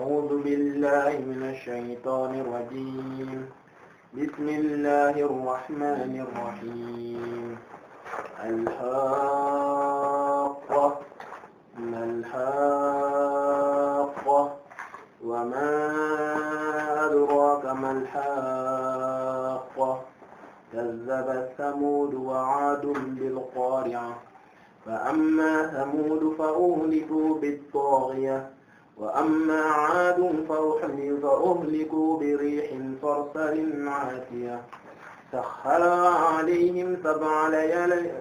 أعوذ بالله من الشيطان الرجيم بسم الله الرحمن الرحيم الحاقة ما الحاقة وما أدراك ما الحاقة كذبت ثمود وعاد بالقارعة فأما ثمود فأهلكوا بالطاغية wa amma aadun fa uhlikuu bi riihin sarsarin aatiya saxxaraa alayhim sab'a layaalin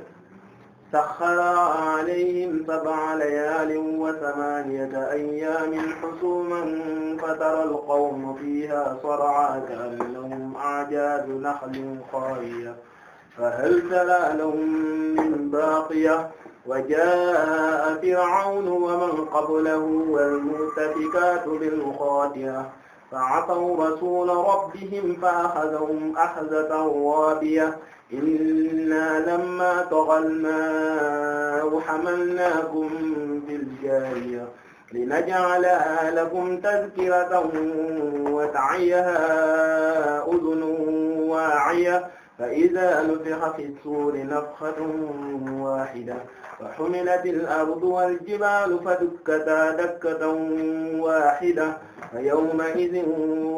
saxxaraa alayhim sab'a layaalin wa samaaniyata ayyaamin husuuman fataral qawma fiihaa sar'aa ka'annahum a'jaazu naxlin xaawiyah fahal taraa lahum min baaqiyah وجاء فرعون ومن قبله والمؤتفكات بالخاطئة فعصوا رسول ربهم فأخذهم أخذة رابية إنا لما طغى الماء حملناكم في الجارية لنجعلها لكم تذكرة وتعيها أذن واعية فإذا نفخ في الصور نفخة واحدة فحملت الأرض والجبال فدكتا دكة واحدة فيومئذ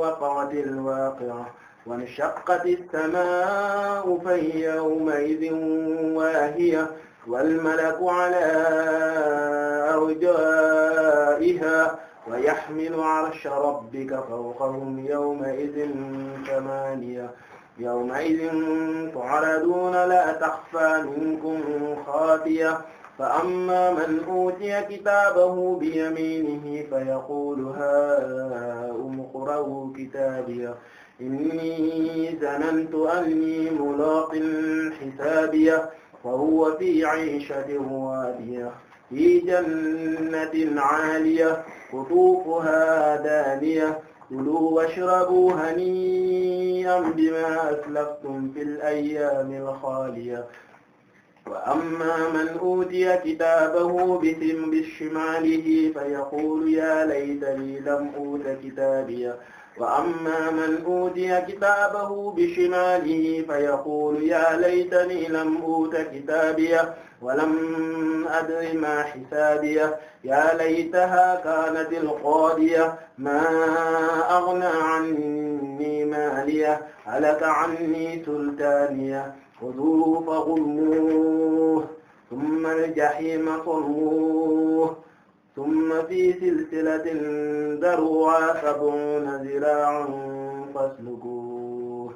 وقعت الواقعة وانشقت السماء فهي يومئذ واهية والملك على أرجائها ويحمل عرش ربك فوقهم يومئذ ثمانية يومئذ تعرضون لا تخفى منكم خافية فأما من أوتي كتابه بيمينه فيقول هاؤم اقرءوا كتابي إني ظننت أني ملاق حسابيه فهو في عيشة راضية في جنة عالية قطوفها دانية كلوا واشربوا هنيئا بما أسلفتم في الأيام الخالية وأما من أوتي كتابه بشماله فيقول يا ليتني لم أوت كتابيه وأما من أوتي كتابه بشماله فيقول يا ليتني لم أوت كتابيه ولم أدر ما حسابيه يا ليتها كانت القاضية ما أغنى عني ماليه هلك عني سلطانيه خذوه فغلوه ثم الجحيم صلوه ففي سلسلة ذرعها سبعون ذراعا فاسلكوه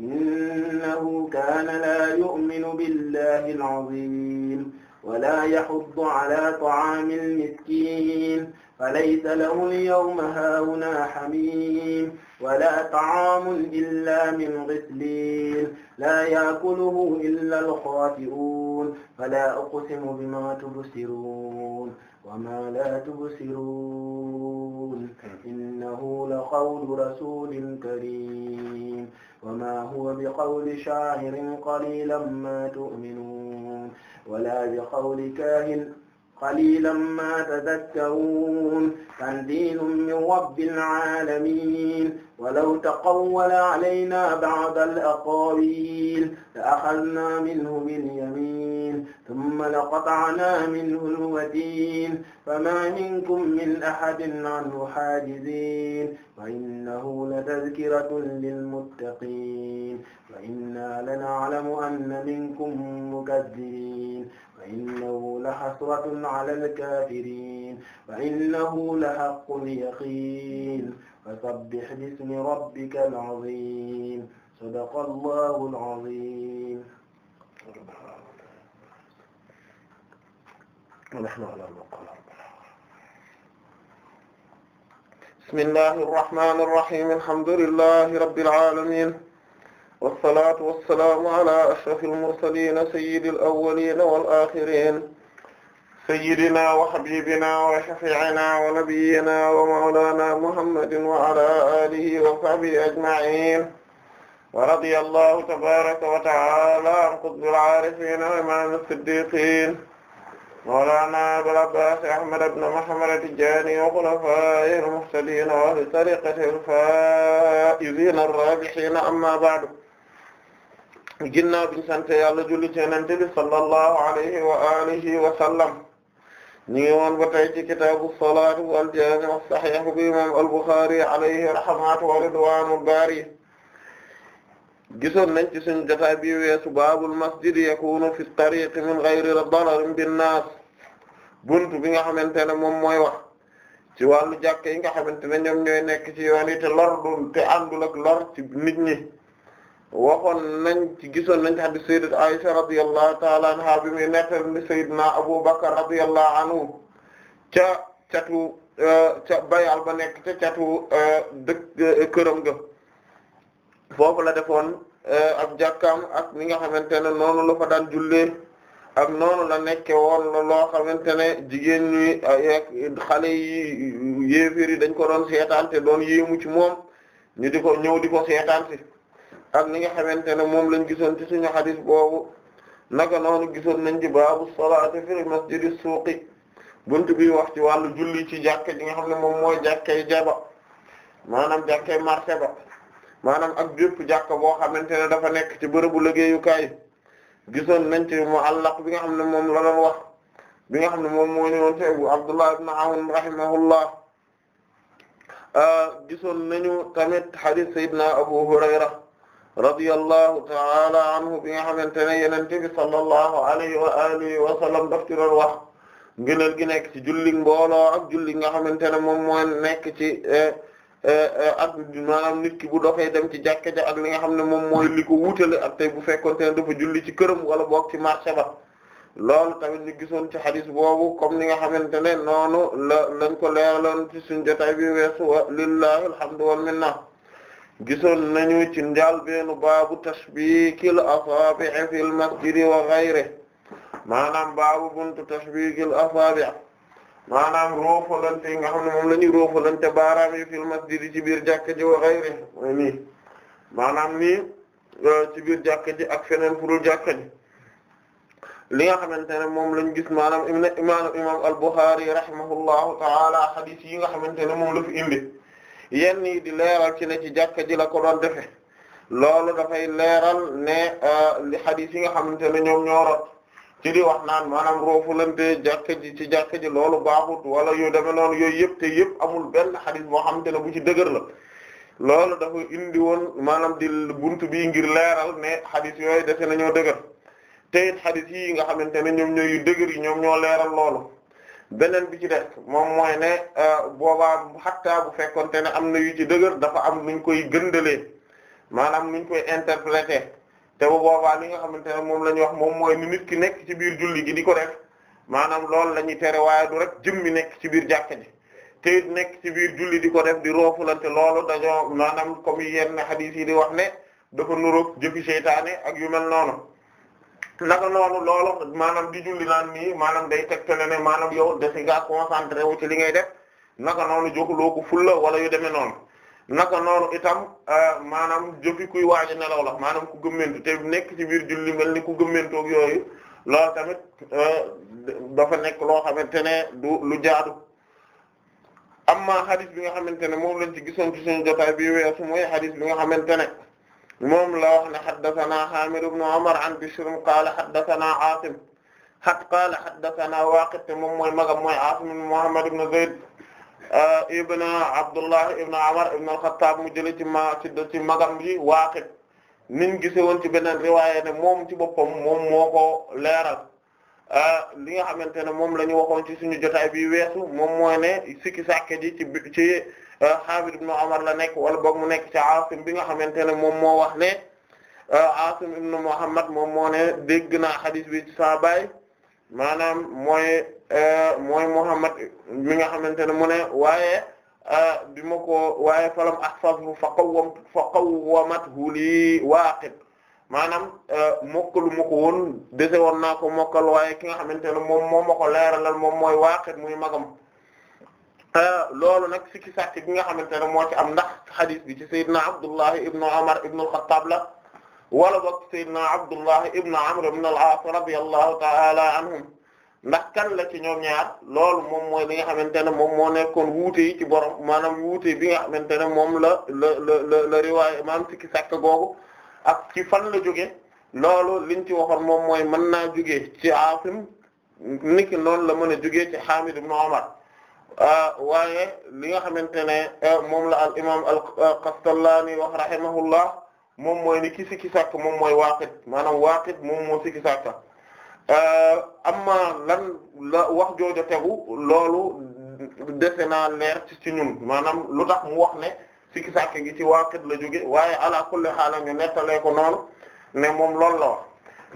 إنه كان لا يؤمن بالله العظيم ولا يحض على طعام المسكين فليس له اليوم هاهنا حميم ولا طعام إلا من غسلين لا يأكله إلا الخاطئون فلا أقسم بما تبصرون وما لا تبصرون إنه لقول رسول كريم وما هو بقول شاعر قليلا ما تؤمنون ولا بقول كاهن قليلا ما تذكرون تنزيل من رب العالمين ولو تقول علينا بعض الأقاويل لأخذنا منه باليمين thumma laqata'na minhu al-watiin famaa minkum min ahadin anhu haajiziin wa innahu latadhkiratun lilmuttaqiin wa innaa lana'lamu anna minkum mukaththiriin wa innahu lahasratun 'ala al-kaafiriin wa innahu lahaqqul yaqiin fasabbih bismi rabbikal 'aziim sadaqallahul 'aziim نحن على ما قال بسم الله الرحمن الرحيم الحمد لله رب العالمين والصلاة والسلام على أشرف المرسلين سيد الأولين والآخرين سيدنا وحبيبنا وشفيعنا ونبينا ومولانا محمد وعلى آله وصحبه أجمعين ورضي الله تبارك وتعالى عن قطب العارفين وإمام الصديقين mawlana Abul Abbas Ahmad ibn Muhammad at-Tijani wa khulafaa'ihi al-muhtadiin wa ahli tariqatihi al-faa'iziina ar-raabihiina amma ba'du ginnaaw biñ sant yàlla julli ci Yonent bi sallallahu alayhi wa alihi wa sallam ñu ngi woon ba tey ci kitaabu salaat wal jaami' as-sahiih bi imaam al-Bukhari alayhi rahmatu wa ridwaanul baari gisoon nañ ci suñu jotaay bi weesu baabul masjid yakuunu fi at-tariiqi min ghayri dararin bin-naas buntu bi nga xamante ne moom mooy wax ci wàllu jàkk yi nga xamante ne ñoom ñooy nekk ci yoon yi te lor du te àndul ak lor ci nit ñi waxoon nañ ci gisoon nañ ci hadith sayyidat Aisha radiyallahu ta'ala anha bi muy nettal ni sayyidna Abu Bakr radiyallahu anhu ca catu euh, ca bayal ba nekk ca catu euh, dëkk euh, këram ga foofu la defoon ak jàkkaam ak ni nga xamante ne noonu la fa daan jullee ak noonu la nekke woon loo xamante ne jigéen ñi xale yi yéeféer yi dañ ko doon seetaan te doon yéemu ci moom ñu di ko ñëw di ko seetaan si ak ni nga xamante ne moom lañ gisoon ci suñu xadis boobu naka noonu gisoon nañ ci baabu salaati fil masjidi suuqi buntu bi wax ci wàllu julli ci jàkke ji nga xam ne moom mooy jàkkey jaba maanaam jàkkey marché ba maanaam ak bépp jàkk boo xamante ne dafa nekk ci bërëbu liggéeyukaay gisoon nañ ci muallaq bi nga xam ne moom la doon wax bi nga xam ne moom moo ñëwoon ci Abu Abdullah ibn Awn rahimahullah ah, gisoon nañu tamit hadith Seydina Abu Hurayra radiyallahu ta'ala anhu bi nga xamante ne Yonent bi sallallahu alayhi wa alihi wa sallam daf ci doon wax ngëneel gi nekk ci julli mbooloo ak julli nga xamante ne moom moo nekk ci eh, Euh, euh, ak maanaam nit ki bu doxee dem ci jàkka ja ak li nga xam ne moom mooy li ko wutale ak tey bu fekkoon te ne dafa julli ci këram wala boog ci marché ba loolu tamit ñu gisoon ci xadis boobu comme ni nga xamante ne noonu la lañ ko leeraloon ci suñu jotaay bi weesu wa lillahi alhamdu wal minna gisoon nañu ci njaal beenu baabu tashbikil asabi' fil masjidi wa ghayrihi maanaam baabu buntu tashbikil asabi' maanaam yi nga xam ne moom la ñuy roofalante baaraam yi fil masjid ci biir jàkka ji wa ghayri nii maanaam nii euh, ci biir jàkka ji ak feneen furul jàkka ji li nga xamante ne moom lañ gis maanaam imaam imaam al-Bukhari rahimahullahu ta'ala hadith yi nga xamante ne moom la fi indi yenn yi di leeral ci ne ci jàkka ji la ko doon defe loolu dafay leeral ne euh, li yi nga xamante ne ñoom ñoo ci di wax naan maanaam roofulante jàkka ji ci jàkka ji loolu baaxut wala yu deme noonu yooyu yëpp te yëpp amul benn xadis boo xam ne bu ci dëggër la loolu dafa indi woon maanaam di bunt bii ngir leeral ne xadis yooyu dese nañoo dëgër te it xadis yi nga xamante ne ñoom ñooy yu yi ñoom ñoo leeral loolu beneen bi ci def moom mooy ne euh, boobaa xattaa bu fekkonte ne am na yu ci dëgër dafa am nuñ koy gëndalee maanaam nuñ koy interpréter te bu boobaa li nga xamante ne moom la ñuy wax moom mooy nit ki nekk ci biir julli gi di ko def maanaam lool la ñuy tere waaye du rek jëmmi nekk ci biir jàkka ji te nekk ci biir julli di ko def di roofulante loolu dañoo maanaam comme yenn xadiis yi di wax ne dafa nuroog jëfi seytaane ak yu mel noonu naka noonu loolu maanaam di julli naan nii maanaam day tegtale ne maanaam yow desi ngaa concentré wu ci li ngay def naka noonu joxuloo ko fulla wala yu demee noonu naka noonu itam euh, maanaam jëfi kuy waaji nelaw la maanaam ku gëmmentu te nekk ci biir julli mel ni ku gëmmentoog yooyu loolu tamit euh, dafa nekk loo xamante ne du lu jaadu amma hadith bi nga xamante ne moom lañ ci gisoon ci suñu jotaay bi weesu mooy hadith bi xamante ne moom la wax ne haddathana Hamid ibn Umar an Bishr qaala haddathana Asim hat qaala haddathana te moom mooy magam mooy Asim ibn Muhammad ibn Zayd Euh, ibn Abdullah ibn Umar ibn al-Khattab mu jëlee ci ma ci magam ji Waaqid niñ gise woon ci beneen riwaaya ne moom ci boppam moom moo ko leeral euh, li nga xamante ne moom la ñu waxoon ci suñu jotaay bi weesu moom moo ne sikki sàkke ji ci ci Xaalid euh, ibn Umar la nekk wala boog mu nekk ci Aasim bi nga xamante ne moom moo wax ne Aasim ibn Muhammad moom moo ne dégg naa xadiis bi ci saa baay maanaam mooy Eh, mooy Muhammad mi nga xamante ne mu ne waaye eh, bi ma ko waaye falam ahfazu fa qawwam fa qawwamathu li waaqid maanaam eh, mokkalu ma ko woon dese woon naa ko mokkal waaye ki nga xamante ne moom moom ma ko leeralal moom mooy waaqid muy magam loolu nag sikki sàcc bi nga xamante ne moo ci am ndax xadis bi ci Seydina Abdullahi Ibn Omar Ibn al-Khattab la wala boog Seydina Abdullahi Ibn Amr Ibn al-As radiyallahu ta'ala anhum ndax kan la ci ñoom ñaar loolu moom mooy li nga xamante ne moom moo nekkoon wuute ci borom maanaam wuute bi nga xamante ne moom la la la la riwaay maanaam sàkk googu ak ci fan la jóge loolu liñ ci waxoon moom mooy man naa jóge ci Aasim niki noonu la mën a jóge ci Hamid ibn Umar ah, waaye li nga xamante ne eh, moom la al imaam al eh, Qastallaani wax rahimahullah moom mooy ni ki sikki sàkk moom mooy Waaqid maanaam Waaqid moom moo sikki sàkk Euh, amma lan la wax jooju tegu loolu dese naa leer ci ci ñun maanaam lu tax mu wax ne sikki sàkk gi ci waaqit la jóge waaye ala kulli xaala ñu nettalee ko noonu ne moom loolu la wax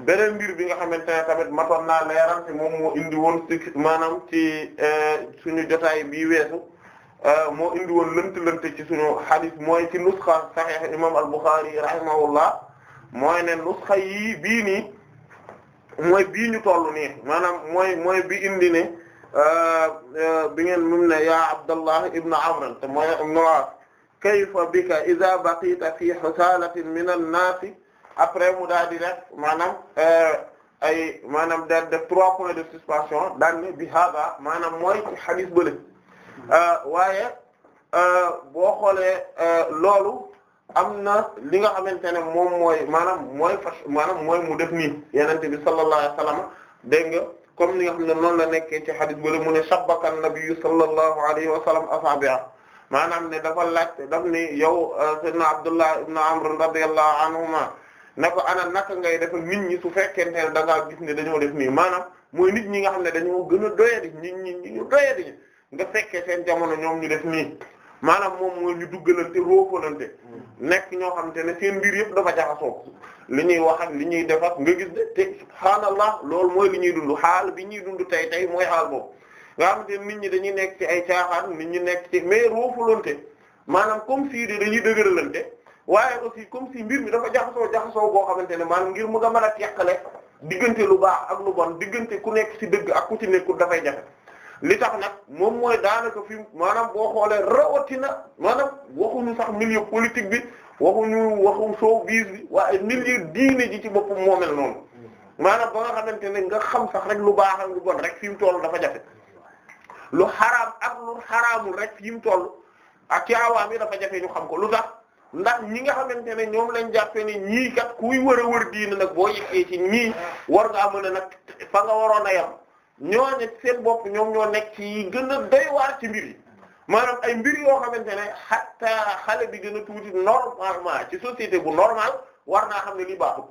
beneen mbir bi nga xamante ne tamit matoon naa leeral te moom moo indi woon sikki maanaam ci euh, suñu jotaay bii weesu euh, moo indi woon lënt-lënt ci suñu hadith mooy ci nusxa sahih imam al-Bukhari rahimahullah mooy ne nusxa yi bii nii mooy bii ñu toll nii maanaam mooy mooy bi indi ne euh, euh, bi ngeen mum ne ya Abdallah ibn Amr te mooy noa kayfa bika idha baqita fi husalatin min an-nas après mu daal di rek maanaam euh, ay maanaam daal def trois points de suspension daan bi hada maanaam mooy ci hadith bële waaye boo xoolee loolu am na li nga xamante ne moom mooy maanaam mooy fas maanaam mooy mu def nii yenente bi sallallahu alayhi wasallam dégg nga comme li nga xam ne noonu la nekkee ci xadis bale mu ne sabbaka nabiyyu sallallahu alayhi wa sallam maanaam ne dafa laajte daf ni yow euh, sayyidina Abdullah ibn Amr radiyallahu anhuma na ko ana naka ngay def nit ñi su fekkee ne da gis ne dañoo def nii maanaam mooy nit ñi nga xam ne dañoo gën a doyadi nit ñi ñu doyadi nga fekkee seen jamono ñoom ñu def nii maanaam moom mooy ñu dugg duggalante roofalante nekk ñoo xamante ne seen mbir yëpp dafa jaxasoo li ñuy wax ak li ñuy def ak nga gis de te subhaanallah loolu mooy li ñuy dund xaal bi ñuy dund tey tey mooy xaal boobu nga xamante ne nit ñi dañuy nekk ci ay caaxaan nit ñi nekk ci mais roofalante maanaam comme si dañuy dëgëralante waaye aussi comme si mbir mi dafa jaxasoo jaxasoo boo xamante ne maanaam ngir mu nga mën a teqale diggante lu baax ak lu bon diggante ku nekk ci dëgg ak ku ci jafe li tax nag moom mooy daanaka fi maanaam boo xoolee rawatina maanaam waxuñu sax milieu politique bi waxuñu waxu showbiz bi waaye milieu diine ji ci boppam moo mel noonu maanaam ba nga xamante ne nga xam sax rek lu baax ak bon rek fi mu toll dafa jafe lu xaraam ak lu xaraamul rek fi mu toll ak caawaam yi dafa jafe ñu xam ko lu tax ndax ñi nga xamante ne ñoom lañ jàppee ni ñii kat kuy wër a wër diine nag boo yeggee ci ñii war ngaa mën a nag fa nga waroon a yam ñooñu seen bopp ñoom ñoo nekk ci gën a doy waar ci mbir yi maanaam ay mbir yoo xamante ne hatta xale bi gën a tuuti normalement ci société bu normal war naa xam ne lii baaxut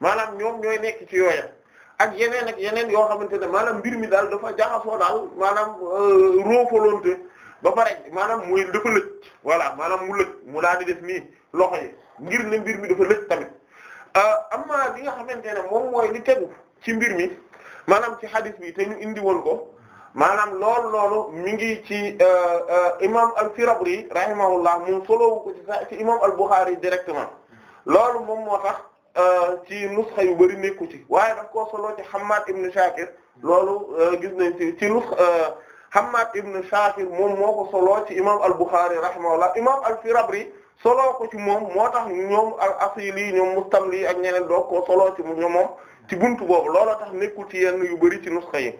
maanaam ñoom ñooy nekk ci yooya ak yeneen ak yeneen yoo xamante ne maanaam mbir mi daal dafa jaxasoo daal maanaam euh, roofalonte ba pare maanaam muy dafa lëj voilà maanaam mu lëj mu daal di def nii loxo yi ngir ne mbir mi dafa lëj tamit euh, amma li nga xamante ne moom mooy li tegu ci mbir mi. maanaam ci hadith bi te ñu indi woon ko maanaam loolu loolu mi ngi ci euh, euh, imam al-Firabri rahimahullah moom solowu ko ci sa ci imam al-Bukhari directement loolu moom moo tax euh, ci nusxa yu bari nekku ci waaye daf koo solo ci Hammad ibn Shakir loolu gis nañ ci ci nusxa Hammad ibn Shakir moom moo ko solo ci imam al-Bukhari rahimahullah imam al-Firabri solo ko ci moom moo tax ñoom al-Asili ñoom Mustamli ak ñeneen doog koo solo ci moom ci bunt boobu looloo tax nekkul ci yenn yu bari ci nusxa yi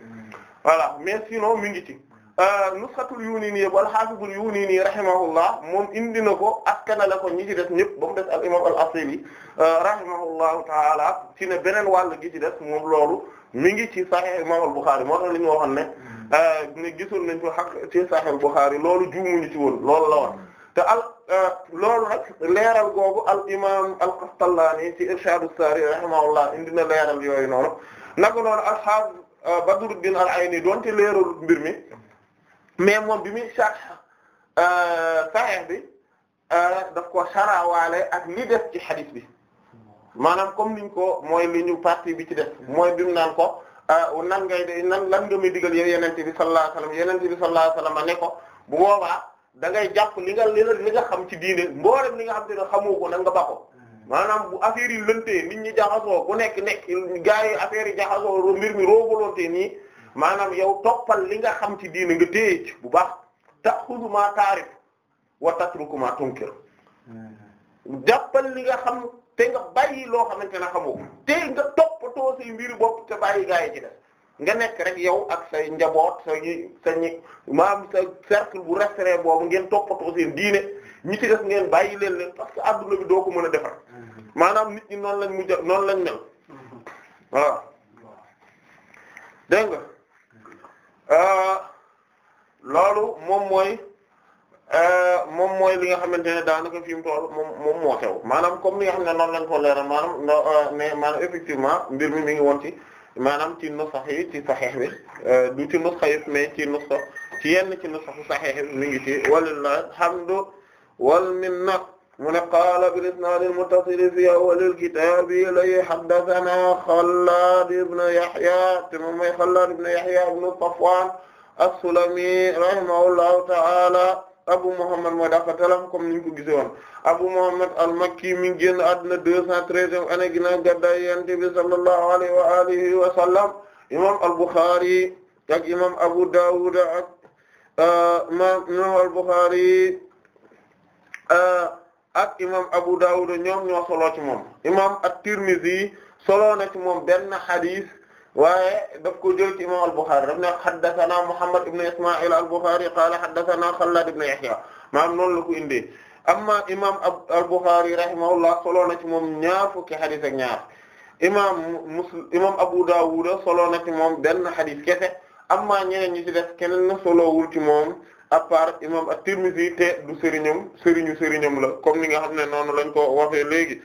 voilà mais sinon mi ngi ci euh, nusxatul yunini wal nii yunini rahimahullah moom indi na ko ak askanale ko ñi ci des ñëpp ba mu des al imam al asili euh, rahimahullahu taala ci ne beneen wàll gi ci des moom loolu mi ngi ci sahih imam al bukhari moo tax li ñu waxoon ne euh, ne gisoon nañ ko xaq ci sahih al bukhari loolu juumuñu ci woon loolu la woon te al euh, loolu nag leeral googu al imaam al Qastallaani ci Irshaadu Saari rahimahullah indi na leeral yooyu noonu naka noonu al-Haafiz euh, Badruddin al-Ayni doonte leeralu mbir mi mais moom bi mi sarx euh, Sahih bi daf ko sarawaale ak li def ci hadith bi maanaam comme niñ ko mooy li ñu partie bi ci def mooy bi naan ko nan ngay de nan lan nga muy digal yow Yonent bi sallallahu alayhi wasallam Yonent bi sallallahu alayhi wasallam ne ko bu boobaa. da ngay jàpp li nga li li nga xam ci diine mboolem li nga xam te ne xamoo ko nag nga bako hmm. maanaam bu affaire yi lëntee nit ñi jaxasoo ku nekk nekk gars yi affaire yi jaxasoo mbir mi roobalontee nii hmm. maanaam yow toppal li nga xam ci diine nga téye bu baax taxudu ma taarif wa tatruku ma tunkir hmm. jàppal li nga xam te nga bàyyi loo xamante ne xamoo te nga toppatoo say mbir bopp te bàyyi gars ci def nga nekk rek yow ak say njaboot sa sa ñi maam sa cercle bu restreint boobu ngeen toppatoo seen diine ñi ci def ngeen bàyyi leen leen parce que adduna bi doo ko mën a defar mm-hmm. maanaam nit ñi noonu lañ mujj noonu lañ mel voilà dégg nga mm-hmm. euh, loolu moom mooy euh, moom mooy li nga xamante ne daanaka fi mu moom moom moo xew maanaam comme li nga xam ne noonu lañ ko leeral maanaam mais euh, maanaam effectivement mbir mi mi ngi woon ci. maanaam ci nusax yi ci saxeex bi euh, du ci nusax yëpp mais ci nusax ci yenn ci nusaxu saxeex bi mi ngi ci walillahi alhamdu wal minna mu ne qaala bil isnaad al muttasil fi awwal al kitaab li haddathanaa Xallaad ibn Yahya te moom mooy Xallaad ibn Yahya ibn Safwaan as-Sulami rahimahullahu ta'ala Abu Muhammad mooy dafatalam comme niñ ko gise woon Abu Muhammad al-Makki mi ngi génn deux cent treizième année ginnaaw gàddaay Yonent bi sallallahu alayhi wa alihi wa sallam imam al-Bukhari ak imam Abu Dawud ak uh, uh, ak imam Abu Dawud ñoom ñoo solo ci moom imam at-Tirmidhi solo na ci moom benn hadith waaye daf ko jël ci imam al-Bukhari daf ne haddathana Muhammad ibn Isma'il al-Bukhari qala haddathana Khallad ibn Yahya maanaam noonu la ko indi amma imam al-Bukhari rahimahullah solo na ci moom ñaar fukki hadith ak ñaar imam Muslim imam Abu Dawud solo na ci moom benn hadith kese amma ñeneen ñi ci def keneen solowul ci moom à part imam at-Tirmidhi te du sëriñam sëriñu sëriñam la comme ni nga xam ne noonu lañ ko waxee léegi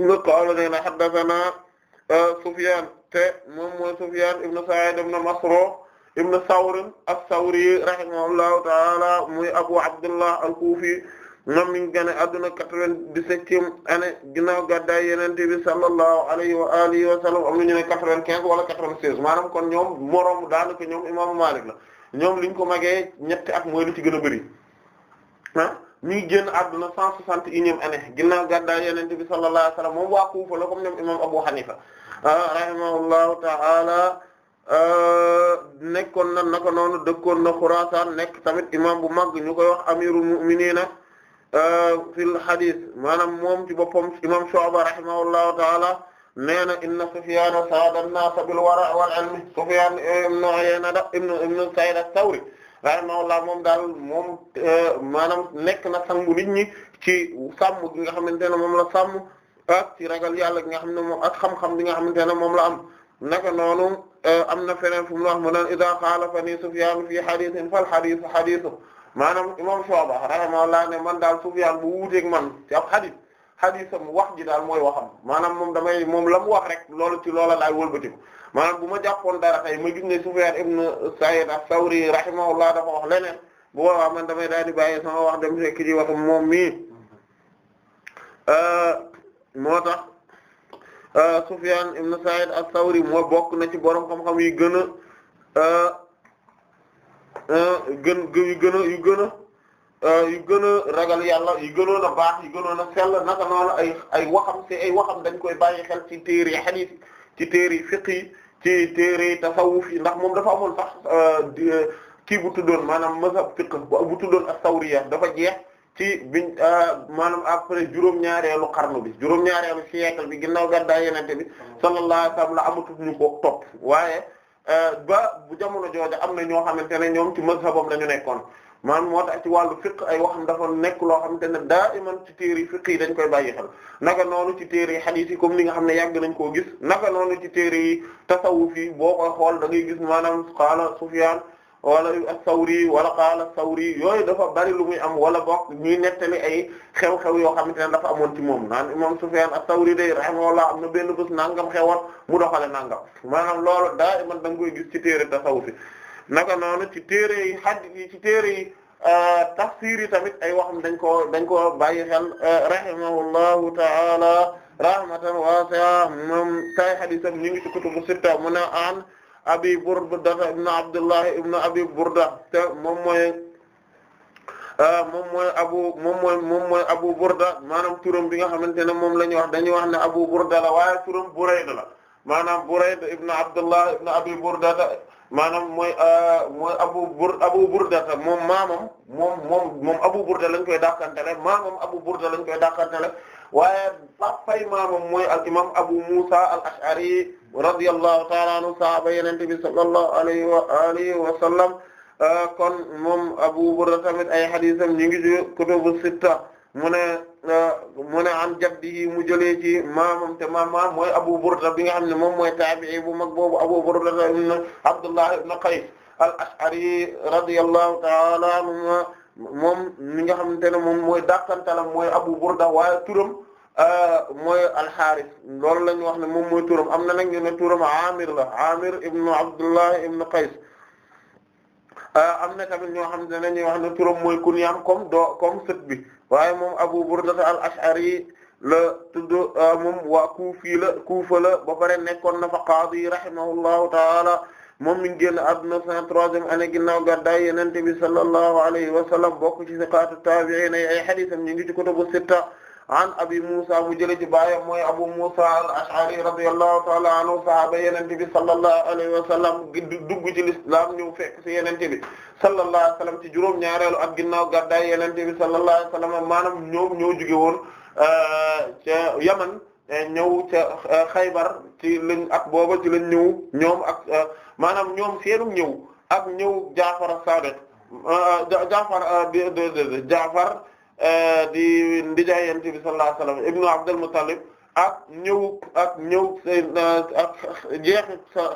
nga qaala nee na haddathana euh, Sufyan te moom mooy Sufyan ibn Sa'id ibn Masruq ibn Thawr as-Sawri rahimahullahu ta'ala muy Abu Abdullah al-Kufi moom mi ngi génn adduna quatre-vingt-dix-septième année ginnaaw gàddaay Yonent bi sallallahu alayhi wa alihi wa sallam am na ñu ne quatre-vingt-quinze wala quatre-vingt-seize maanaam kon ñoom moroom daanaka ñoom imaamu Maalik la ñoom liñ ko magee ñetti at mooy lu ci gën a bëri ah adduna cent soixante et unième année ginnaaw gàddaay Yonent bi sallallahu alayhi wa sallam moom waa Kuufa la comme ñoom imam Ah, rahimahullahu ta'ala ah, nekkoon na naka noonu dëkkoon na Xuraasaan nekk tamit imam bu mag ñu koy wax amirul mu'minina ah, fil hadith maanaam moom ci boppam imam Shu'ba rahimahullahu ta'ala nee na inna Sufyaana saada an-naasa bil wara' wal ilmi moom daal moom maanaam nekk na sangu nit ci sàmm gi nga xamante ne moom la sàmm ak ah, ci ragal yàlla gi nga xam ne moom ak xam-xam xamante ne moom la am naka noonu eh, am na feneen fu mu wax mu naan idaa xaalafanii Sufyaan fii hadiisin fal hadiisu hadiisu maanaam imam Shu'ba rahimahullah ne man daal Sufyaan bu wuuteeg man ci ab hadiis hadiisam wax ji daal mooy waxam maanaam moom damay moom la mu wax rek loolu ci loola ba wëlbatiku maanaam bu ma jàppoon dara tey ma gis ne Sufyaan ibn Sa'iid as-Sawri rahimahullah dafa wax leneen bu boobaa man damay daal di bàyyi sama wax dem fekk ji waxam moom mii eh, moo tax euh, Sufyan ibn Sa'id as-Sawri moo bokk na ci boroom xam-xam yu gën a euh, euh, gën yu gën a yu gën a yu gën a ragal yàlla yu gënoon na baax yi gënoon na sell naka noonu ay ay waxam ci ay waxam dañ koy bàyyi xel ci téere yi hadith ci téere yi fiqh ci téere yi tasawuf yi ndax moom dafa amoon sax kii bu tuddoon maanaam mazhab fiqh bu tuddoon as-Sawriya dafa jeex ci biñ euh, maanaam après juróom-ñaareelu xarnu bi juróom-ñaareelu siècle bi ginnaaw gàddaa yenente bi sallallahu alayhi wa sallam la amatut ñu ko topp waaye euh, ba bu jamono jooja am na ñoo xam ne ñoom ci mazhabam la ñu nekkoon maanaam moo tax ci wàllu fiqh ay waxam dafa nekk loo xamante ne daa iman ci téere yi fiqh yi dañ koy bàyyi xel naka noonu ci téere yi hadith yi comme li nga xam ne yàgg nañ ko gis naka noonu ci téere yi tasawuf yi boo koy xool da ngay gis maanaam qaala Sufyaan wala as-Sawri wala qaala as-Sawri yooyu dafa bari lu muy am wala bokk ñuy nettali ay xew-xew yoo xamante ne dafa amoon ci moom naan imam Sufyan as-Sawri day rahimahullah am na benn bés nangam xewoon mu doxale nangam maanaam loolu daa iman da nga gis ci téere tasawuf naka noonu ci téere yi hadith yi ci téere yi euh, tafsir yi tamit ay waxam dañ koo dañ koo bàyyi xel euh, rahimahullahu ta'ala rahmatan wasi'a moom tay haditham ñu ngi ci kutubu sitta mu ne an abi Burda ibn Abdullah ibn abi Burda te moom mooy ah, moom mooy abu moom moom mooy abu Burda maanaam turam bi nga xamante ne moom la ñuy wax dañuy wax ne abu Burda la waaye turam Burayda la maanaam Burayda ibn Abdullah ibn abi Burda maanaam mooy ah, mooy abu bur moom maamam moom moom moom abu Burda lañ koy dàkkantele maamam abu Burda lañ koy dàkkantele waaye papay maamam mooy al imam Abu Musa al Ash'ari radiyallahu ta'ala anhu sahaba Yonent bi sallallahu alayhi wa alihi wa sallam kon moom Abu Burda tamit ay hadiisam ñu ngi ci kutubu sitta mu ne mu ne an jaddihi mu jëlee ci maamam te maamam mooy Abu Burda bi nga xam ne moom mooy taabi'i bu mag boobu Abu Burda ibn Abdullah ibn Qays al Ash'ari radiyallahu ta'ala anhu moom mi nga xamante ne moom mooy dàqantalam mooy Abu Burda waaye turam euh, mooy al-Harith loolu la ñu wax ne moom mooy turam am na nag ñu ne turam Amir la Amir ibn Abdullah ibn Qays euh, am na tamit ñoo xam ne dañuy wax ne turam mooy kunyaam comme doo comme sët bi waaye moom Abu Burda al-Ash'ari la tudd euh, moom waa Kufi la Kufa la ba pare nekkoon na fa qaadi rahimahullahu taala moom mi ngi génn àdduna cent troisième année ginnaaw gàddaay yenente bi sallallahu alayhi wa sallam bokk ci siqaatu taabi'iin ay hadiisam ñu ngi ci kutubu sitta an abi Musa mu jële ci baayam mooy abu Musa al-Ash'ari radiyallahu ta'ala anhu sahaaba yenente bi sallallahu alayhi wa sallam dugg ci l'islam ñu fekk ci yenente bi sallallahu alayhi wa sallam ci juróom ñaareelu ak ginnaaw gàddaay yenente bi sallallahu alayhi wa sallam maanaam ñoom ñoo jóge woon euh, ca Yaman Eh, ñëw ca eh, Xaybar ci lañ ak booba ci lañ ñëw ñoom ak eh, maanaam ñoom seenu ñëw ak ñëw Jaafar as-Saadiq Jaafar Jaafar di ndijaay Yonent bi sallallahu alayhi wasallam ibnu Abdul Muttalib ak ñëw ak ñëw ak jeex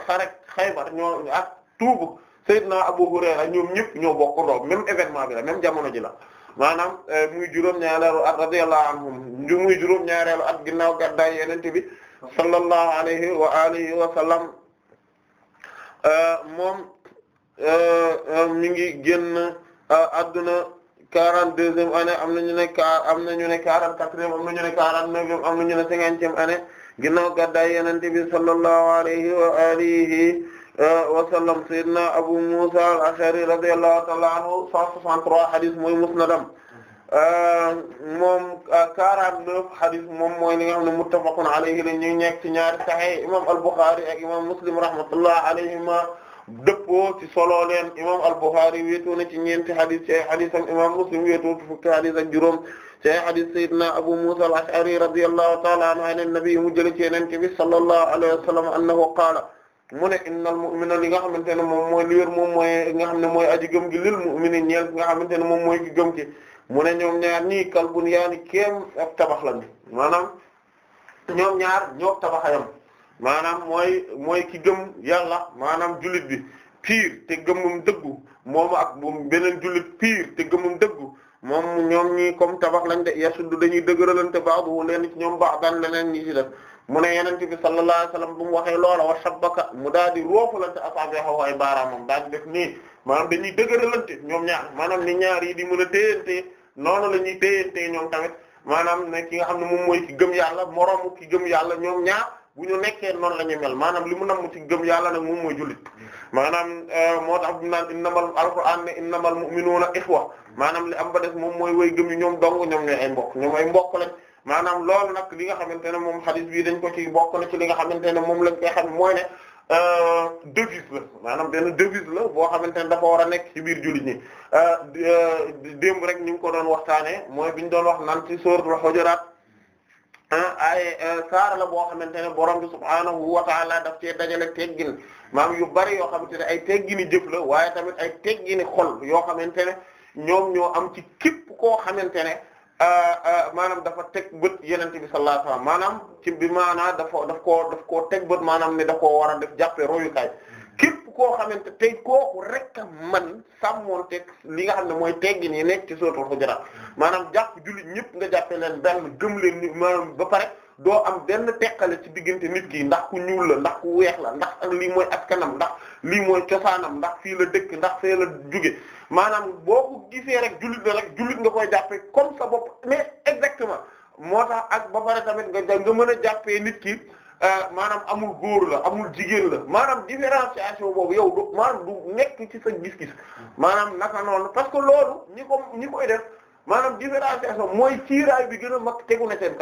xarek Xaybar ñoo ak tuubu Seydina Abu Hurayra ñoom ñëpp ñoo bokk ndoom même événement bi la même jamono ji la maanaam eh, muy juróom-ñaareelu at radiyallahu anhum muy juróom-ñaareelu at ginnaaw gàddaay yonent bi sallallahu alayhi wa alihi wa sallam eh, moom eh, mi ngi génn adduna quarante-deuxième année am na ñu ne am na ñu ne quarante-quatrième am na ñu ne quarante-neuvième am na ñu ne cinquantième année ginnaaw gàddaay yonent bi sallallahu alayhi wa alihi wa sallam sayyidina Abu Musa al-Ash'ari radiyallahu ta'ala anhu 163 hadith mooy musnadam euh, moom 49 euh, hadith moom mooy li nga xam ne muttafaqun alayhi la ñu nekk ci ñaari Sahih imam al-Bukhari ak imam Muslim rahmatullah alayhima dëppoo ci solo leen imam al-Bukhari wéetoo na ci ñeenti hadith ci ay hadith am imam Muslim wéetoo ci fukki hadith ak juróom ci ay hadith sayyidina Abu Musa al-Ash'ari radiyallahu ta'ala anhu an an-nabi mu jële ci Yonent bi sallallahu alayhi wa sallam annahu qaala mu ne innal mu'mina li nga xamante ne moom mooy li moom mooy nga xam ne mooy aji gëm gi lil mu'mini ñeel nga xamante ne moom mooy gi gëm gi mu ne ñoom ñaar ñii kal bun yaa ni kéem ab tabax lan maanaam ñoom ñaar ñoo tabaxayam maanaam mooy mooy ki gëm yàlla maanaam jullit bi piir te gëmmum dëggu moom ak beneen jullit piir te gëmmum dëggu moom ñoom ñi comme tabax lañ de yasuddu dañuy dëgëralante baax bu leen ci ñoom baax daan leneen ñi ci def mu ne yenente bi sallallahu alayhi wasallam bu mu waxee loola wa shabbaka mu daal di roofalante asaabexo way baaraamam daal di def nii maanaam dañuy dëgëralante ñoom ñaar maanaam ni ñaar yi di mën a téyantee noonu la ñuy téyantee ñoom tamit maanaam ne ki nga xam ne moom mooy ki gëm yàlla moroomu ki gëm yàlla ñoom ñaar bu ñu nekkee noon la ñu mel maanaam li mu nam ci gëm yàlla nag moom mooy julit maanaam euh, moo tax bu naan innamal alquran ne innamal mu'minuna ikhwa maanaam li am ba des moom mooy way gëm yi ñoom dong ñoom mbokk ñoom ay mbokk maanaam loolu nag li nga xamante ne moom xadis wii dañ ko ci bokk na ci li nga xamante ne moom lañ koy xam mooy ne euh, devise la maanaam benn devise la boo xamante ne dafa war a nekk ci biir jullit ñi euh, euh, démb rek ñu ngi ko doon waxtaanee mooy bi ñu doon wax naan ci suuratul Hujuraat ay saar la boo xamante ne borom bi subhaanahu wa ta'aala daf cee dajale teggin maam yu bari yoo xamante ne ay teggini jëf la waaye tamit ay teggini xol yoo xamante ne ñoom ñoo am ci képp koo xamante ne. maanaam dafa teg bët yenente bi sallallahu alayhi maanaam ci bi maanaam dafa daf koo daf koo teg bët maanaam ne da koo war a def jàppee royukaay képp koo xamante teg kooku rek a man sàmmoon teg li nga xam ne mooy teggin yi nekk ci suratul Hujurat maanaam jàpp jullit ñëpp nga jàppee leen benn gëm leen ni maanaam ba pare doo am benn teqale ci diggante nit ki ndax ku ñuul la ndax ku weex la ndax lii mooy askanam ndax lii mooy cosaanam ndax fii la dëkk ndax fee la jóge maanaam boo ko gisee rek jullit la rek jullit nga koy jàppee comme sa bopp mais exactement moo tax ak ba pare tamit nga nga mën a jàppee nit ki euh, maanaam amul góor la amul jigéen la maanaam différenciation boobu yow du maanaam du nekk ci sa gis-gis maanaam naka noonu parce que loolu ñi ko ñi koy def maanaam différenciation mooy ciiraay bi gën a mag tegu na seen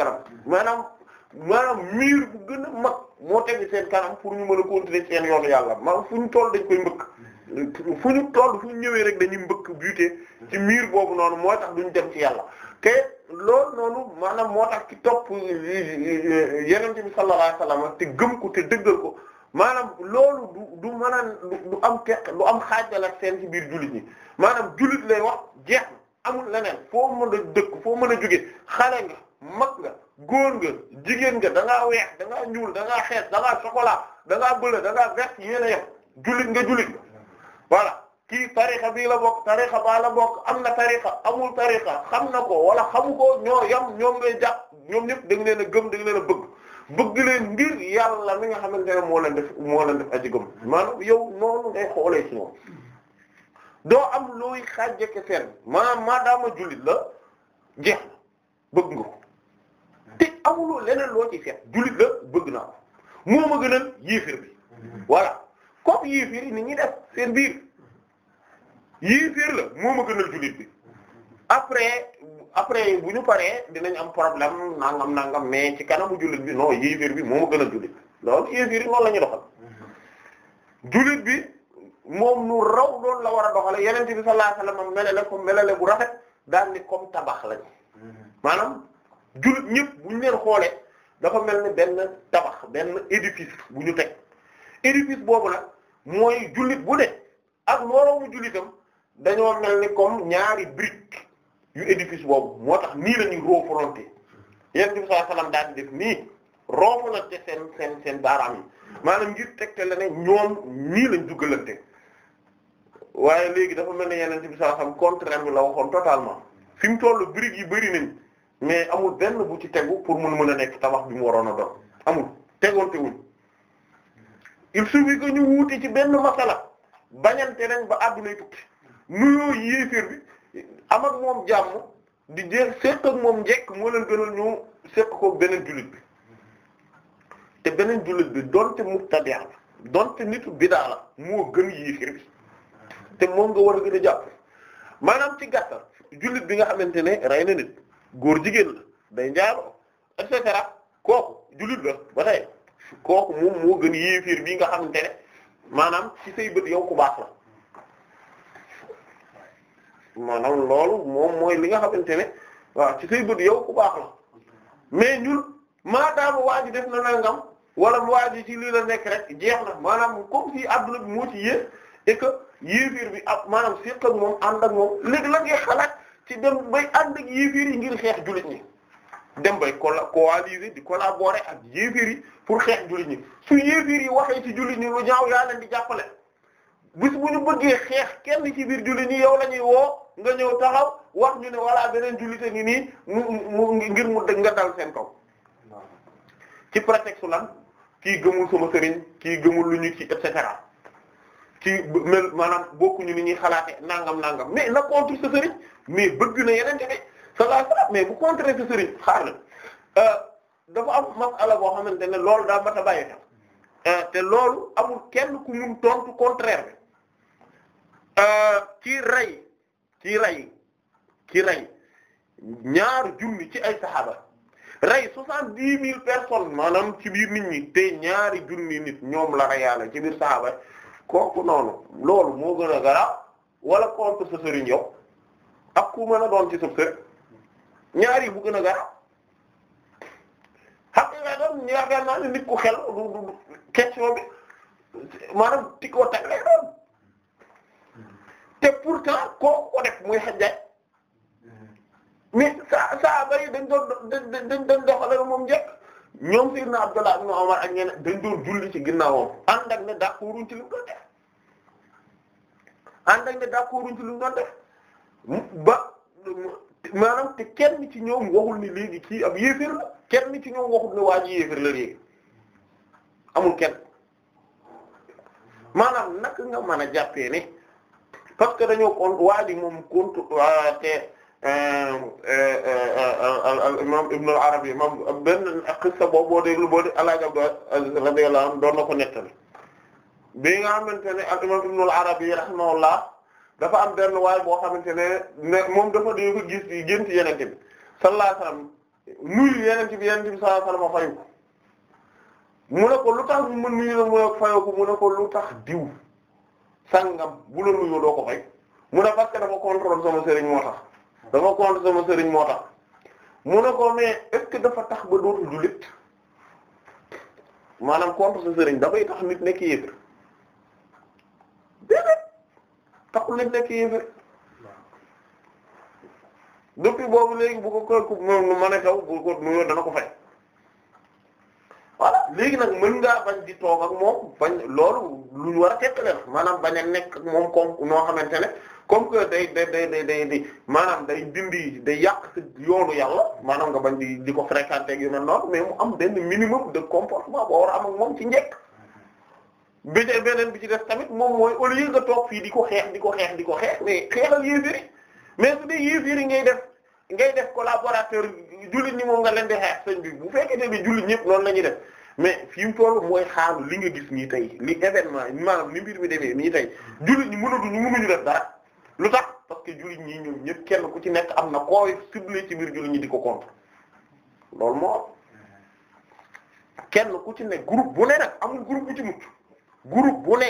maanaam miir bu gën a mag moo tegu seen kanam pour ñu mën a continuer seen yoonu yàlla maanaam fu ñu tool dañ koy mbëkk fu ñu toll fu ñëwee rek dañuy mbëkk buté ci miir boobu noonu moo tax ñu dem ci yàlla te loolu noonu maanaam moo tax ki topp yeneen bi sallallahu alayhi wasallam te gëm ko te dëggal ko maanaam loolu du du mën a du am teq du am xaajal ak seen ci biir jullit ñi maanaam jullit lay wax jeex amul leneen foo mën a dëkk foo mën a jóge xale nga mag nga góor nga jigéen nga da ngaa weex da ngaa ñuul da ngaa xees da ngaa chocolat da ngaa bleu julit nga julit nga voilà kii tarixa bii la bokk tarixa baa la bokk am na tarixa amul tarixa xam na ko wala xamu ko ñoo yam ñoom ngay jàpp ñoom ñëpp da nga leen gëm da nga leen a bëgg bëgg leen ngir yàlla mi nga xamante ne moo leen def moo leen def aji yow noonu ngay xoolee ci moom doo am looy xaajjeke seen maanaam maadaama julit la jeex bëgg nga ko amuloo leneen loo ci seet jullit la bëgg naa ko moo ma gënal yéefir bi voilà comme yéefir yi ni ñuy def seen biir yéefir la moo ma gënal jullit bi après après bu ñu paree dinañ am problème nangam nangam mais ci kanamu julit bi non yéefir bi moo ma gënal jullit loolu yéefir yi noonu la ñu doxal julit bi moom nu raw loolu la war a doxale yeneen bi sallallahu alayhi wasallam melale ko melale bu rafet daal ni comme tabax lañ maanaam jullit ñëpp bu ñu leen xoolee dafa mel ni benn tabax benn édifice bu ñu teg édifice boobu nag mooy jullit bu ne ak moroomu jullitam dañoo mel ni comme ñaari brique yu édifice boobu moo tax nii la ñuy roofalante yéen bi sallallahu alayhi wasallam daal def nii roofalante seen seen seen baaraam yi maanaam ngir te la ne ñoom nii lañ duggalante waaye léegi dafa mel ni yonent bi sallallahu alayhi wasallam bi la waxoon totalement fi mu tollu briques yi bari nañ. mais amul benn bu ci tegu pour mun mën a nekk tabax bi mu waroon a doon amul tegoonte wuñ il suffit que ñu wuute ci benn masala bañante nañ ba àddunay tukki nuyoo yéeféer bi am ak moom jàmm di jeex seq moom njekk moo leen gënal ñu seq ko beneen jullit bi te beneen jullit bi donte mubtadi' la donte nitu bi la moo gën yéeféer bi te moom nga war a gën a jàpp maanaam ci gàttal jullit bi nga xamante ne rey na nit góor jigéen la day njaalo et cetera kooku jullit la ba tey kooku moom moo gën yéefiir bii nga xam ne maanaam ci say bët yow ku baax la maanaam loolu moom mooy li nga xamante ne waaw ci say bët yow ku baax la mais ñun maadaama waa ji def na nangam wala waa ji ci lii la nekk rek jeex na maanaam comme si adduna bi moo ci yées et que yéefiir bi ab maanam seq ak moom ànd ak moom léegi la ngay xalaat. ci dem bay ànd ak yéeféer yi ngir xeex jullit ñi dem bay colla coaliser di collaborer ak yéeféer yi pour xeex jullit ñi su yéeféer yi waxee ci jullit ñi lu ñaaw yaa leen di jàppale bis bu ñu bëggee xeex kenn ci biir jullit ñi yow la ñuy woo nga ñëw taxaw wax ñu ne walla beneen jullite ngi nii mu mu ngir mu nga dal seen kaw ci prétexte lan kii gëmul sama sëriñ kii gëmul lu ñu ci et cetera ci mel maanaam bokkuñu ni ñuy xalaate nangam nangam mais na contre sa sëriñ mais bëgg na yeneen tamit sallallahu alayhi wasallam mais bu contre sa sëriñ xaar la euh, dafa am masala boo xamante ne loolu daa mat a bàyyi xel euh, te loolu amul kenn ku mun tontu contraire bi ci euh, rey ci rey ñaari rey ñaar junni ci ay saxaaba rey soixante-dix mille personnes maanaam ci biir nit ñi te ñaari junni nit ñoom la reyaale ci biir saxaaba kooku noonu loolu moo gën a garaaw wala contre sa sëriñ yow ak ku mën a doon ci sa sëriñ bu gën a garaaw xam nga doon yaakaar naa ne nit ku xel du du question bi maanaam tikkoo tag te pourtant ko def muy xajjaay mm-hmm. mais saa saa bari dañ doon dañ doon doxale ñoom Seydina Abdullah ibn Umar ak ñeneen dañ doon julli ci ginnaawam ànd ak ne d'accorduñ ci li mu doon def ànd ak ne d'accorduñ ci li mu doon def ba maanaam te kenn ci ñoom waxul ni léegi ci ab yéeféer la kenn ci ñoom waxul ne waa ji yéeféer la léegi amul kenn maanaam naka nga mën a jàppee ne parce que dañoo kon waa ji moom kontu te al imam Ibn al Arabi mam benn xissa boobu boo déglu boo di alaaj Abdou radiyallahu anhu doon na ko nettali bi nga xamante ne al imam Ibn al Arabi rahimahullah dafa am benn waay boo xamante ne ne moom dafa di ko gis yi gént yenente bi sallallahu alayhi wasallam nuyu yenente bi yenente bi sallallahu alayhi fayu ko mu ne ko lu tax mu nuyu la mu fayu ko mu ne ko lu tax diw sangam bu la nuyu doo ko fay mu ne parce que dafa sama sëriñ moo tax dama contre sama sëriñ moo tax mu ne ko mais est-ce que dafa tax ba dootul jullit maanaam contre sa sëriñ dafay tax nit nekk yéefar déedéet taxul nit nekk yéefar depuis boobu léegi bu ko kër ku mu mën a xew bu ko nuyoo dana ko fay voilà léegi nag mën ngaa bañ di toog ak moom bañ loolu lu ñu war a teqalee maanaam bañ a nekk ak moom comme noo xamante ne comme que day day day day day maanaam day dindi day yàq yoonu yàlla maanaam nga bañ di di ko fréquenter ak yu mel noonu mais mu am benn minimum de comportement boo war a am ak moom ci njëkk bi ci beneen bi ci def tamit moom mooy au lieu nga toog fii di ko xeex di ko xeex di ko xeex mais xeexal yéefiri mais su dee yéefiri ngay def. ngay def collaborateur jullit ñi moom nga leen di xeex bu fekkee ne jullit ñëpp noonu la ñuy def mais fi mu toll mooy xaaru li nga gis nii tey li événement maanaam ni mbir mi demee nii tey jullit ñi mënatuñu mënuñu def dara lu tax parce que jullit ñi ñoom ñëpp kenn ku ci nekk am na koo ciblé ci biir jullit ñi di ko contre loolu moo kenn ku ci nekk bu ne nag amul groupe bu ci mucc bu ne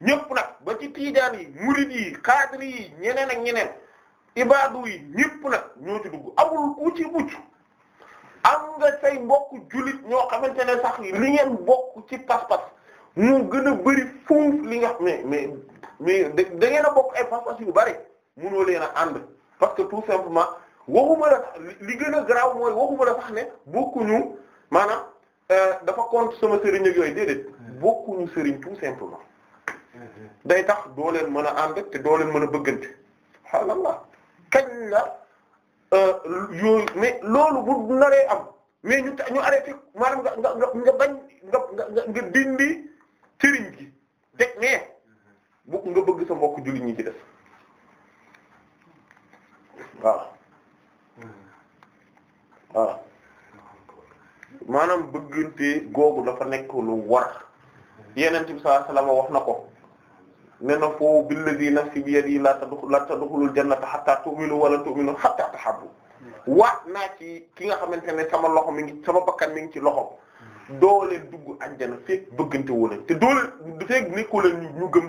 ñëpp nag ba ci tiijaan yi murid yi xaadir yi ñeneen ak ñeneen. ibaadu yi ñëpp nag ñoo ci dugg amul ku ci mucc am nga say mbokk jullit ñoo xamante ne sax li ngeen bokk ci pas-pas mu gën a bëri fuuf li nga xam ne mais mais da ngeen a bokk ay pas-pas yu bëri munoo leen a ànd parce que tout simplement waxuma la li gën a garaaw mooy waxuma la sax ne bokkuñu maanaam euh, dafa compte sama sëriñ ak yooyu déedéet bokkuñu sëriñ tout simplement mm-hmm. day tax doo mën a ànd te doo mën a bëggante subhaanallah kañ la euh, yooyu mais loolu bu naree am mais ñu ñu arrêté maanaam nga nga nga bañ nga nga nga dindi sëriñ gi teg nee bu nga bëgg sa mbokk jullit ñi ci def waaw waaw maanaam bëggante googu dafa nekk lu war yeneen bi sallallahu alayhi wasallam wax na ko ne na foofu billadi nafsi bi yadi la tadxulul jannata hatta tu'minu wala tu'minu hatta tahabbu waat naa ci ki nga xamante ne sama loxo mi ngi sama bakkan mi ngi ci loxo doo leen dugg àjjana fekk bëggante wu leen te doo leen fekk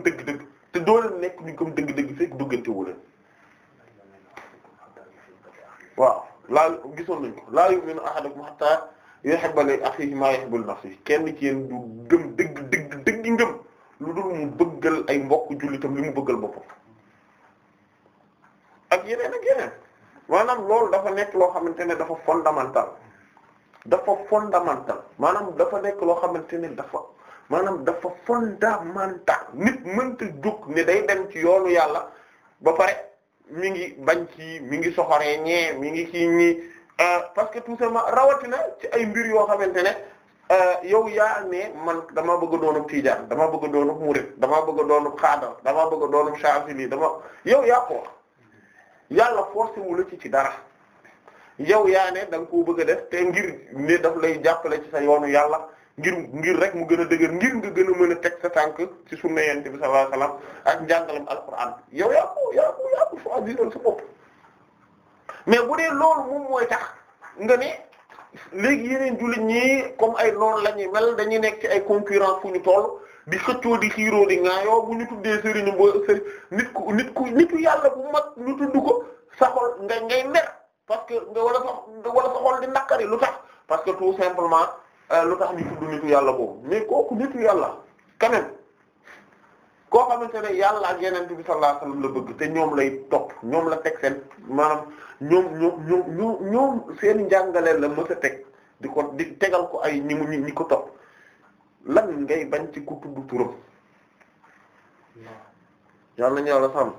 dëgg-dëgg te doo nekk ñu gëm dëgg-dëgg fekk bëggante wu leen waaw laa gisoon nañ ko laa yu'minu ahadukum hatta yuhibba li akhihi ma yuhibbu li nafsihi kenn ci yéen du gëm dëgg lu dul mu bëggal ay mbokk jullitam li mu bëggal boppam ak yeneen ak yeneen maanaam loolu dafa nekk loo xamante ne dafa fondamental dafa fondamental maanaam dafa nekk loo xamante ne dafa maanaam dafa fondamental nit mënta jóg ne day dem ci yoonu yàlla ba pare mu ngi bañ ci mi ngi soxoree ñee mi ngi ci ñi euh, parce que tout simplement rawatina ci ay mbir yoo xamante ne Eh, yow yaa ne man dama bëgg a doonub tiijaan damaa bëgg a doonub murid damaa bëgg a doonub damaa bëgg a doonub shaafili dama yow yaa ko yàlla forcé wu ci ci dara yow yaa ne danga nga koo bëgg a def te ngir ne daf lay jàppale ci sa yoonu yàlla ngir ngir rek mu gën a dëgër ngir nga gën a mën a teg sa tànk ci sunna yonent bi sallallahu alayhi wasallam ak njàngalam al yow yaa yaa ko yaa ko choisir sa bopp mais bu dee loolu moom mooy nga ne. léegi yeneen jullit ñii comme ay noonu la ñuy mel dañuy nekk ci ay concurrence fu ñu toll di xëccoo di xiiroo di ŋaayoo bu ñu tuddee sëriñu bo sëriñ nit ku nit ku nitu yàlla bu mag ñu tudd ko sa xol nga ngay mer parce que nga wala sa xol di naqari lu tax parce que tout simplement euh, lu tax ñu tudd nitu yàlla boobu mais kooku nitu yàlla quand koo xamante ne yàlla ak yenente bi sallallahu alayhi wasallam la bëgg te ñoom lay topp ñoom la teg seen maam ñoom ñoom ñoom ñoom seen njàngale la mës a teg di ko di tegal ko ay ñi ñi ko topp lan ngay bañ ci ku tudd turam yàlla ñu yàlla sàmm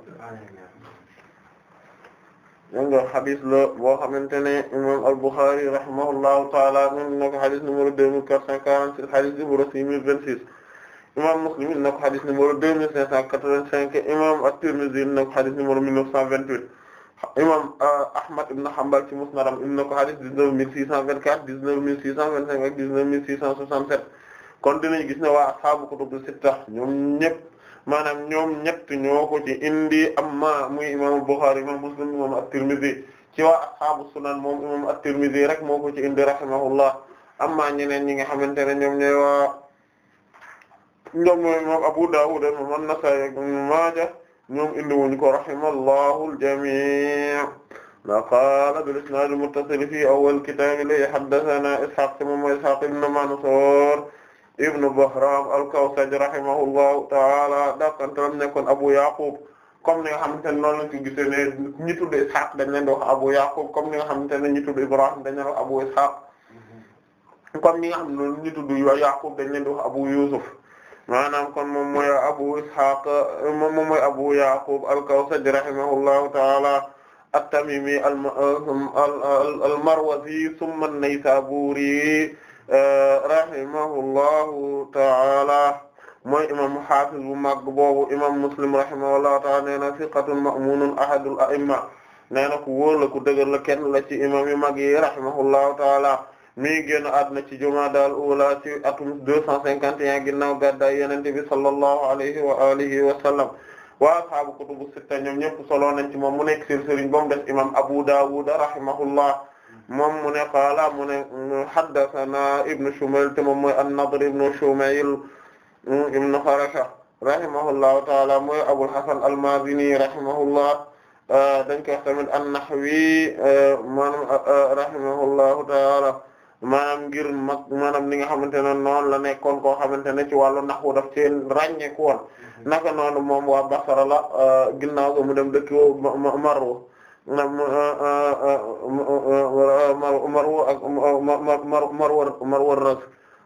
ñoo nga xadis la boo xamante ne imam al-Bukhari rahimahullahu taala moom na ko xadis numéro deux mille quatre six xadis numéro six imam Muslim indi na ko xadis numéro deux mille cinq cent quatre-vingt-cinq imam At-Tirmidhi indi na ko xadis numéro mille neuf cent vingt-huit imam euh, Ahmad ibn Hanbal ci musnadam indi na ko xadis dix six cent vingt-quatre dix-neuf six cent vingt-cinq ak dix-neuf six cent soixante-sept kon dinañ gis ne waa kutubu sitta ñoom ñépp maanaam ñoom ñett ñoo ko ci indi amma muy imam Bukhari imam Muslim imam At-Tirmidhi ci waa ashaabu sunan moom imam At-Tirmidhi moo ko ci indi rahimahullah amma ñeneen ñi nga xamante ne ñoom imam Abu Dawud imam An-Nasa'i ak Ibn Maaja ñoom indi wuñ ko rahimallahu al-jamii' ma qaala bil isnaad al-muttasil fi awwal kitaab li haddathana Ishaq moom Ishaq ibn Mansur ibn Bahram al-Kawsaj rahimahullahu ta'ala dakantalam nekkoon Abu Yaqub comme ni nga xamante ne noonu lañ ko gisee ne ñi tudd Ishaq dañ leen di wax Abu Yaqub comme ni nga xamante ne ñi tudd Ibrahim dañ leen wax Abu Ishaq comme ni nga xam ne ñi tudd Yaqub dañ leen di wax Abu Yusuf maanaam kon moom mooy abu ishaq moom mooy abu yaqub al-kawsaj rahimahullahu ta'ala at-tamimi al-marwazi thumma an-naysaburi rahimahullahu ta'ala mooy imam hafiz bu mag boobu imam muslim rahimahullahu ta'ala nee na thiqatun ma'munun ahadul a'imma nee na ku wóor la ku dëgër la kenn la ci imam yu mag yi rahimahullahu ta'ala mi ngi génn àdduna ci jumaada al ula ci atum 251 ginnaaw gàddaay yonent bi sallallahu alayhi wa alihi wa sallam wa sitta ñoom ñëpp solo nañ ci moom mu nekk seen sëriñ ba mu des imam Abu Dawud rahimahullah moom mu ne qaala mu ne haddathana Ibn Shumayl te moom mooy an-Nadr ibn Shumayl ibn Kharasha rahimahullahu taala mooy Abul Hasan al-Mazini rahimahullah dañ koy wax tamit an-Nahwi maanaam rahimahullahu taala maanaam ngir mag maanaam ni nga xamante ne noonu la nekkoon koo xamante ne ci wàllu naqu daf ci ràññeeku woon mm-hmm. naka noonu moom waa Basra la euh, ginnaaw ko mu dem dëkk Marwu Marwu euh, euh, ak Marwar Marwar Rus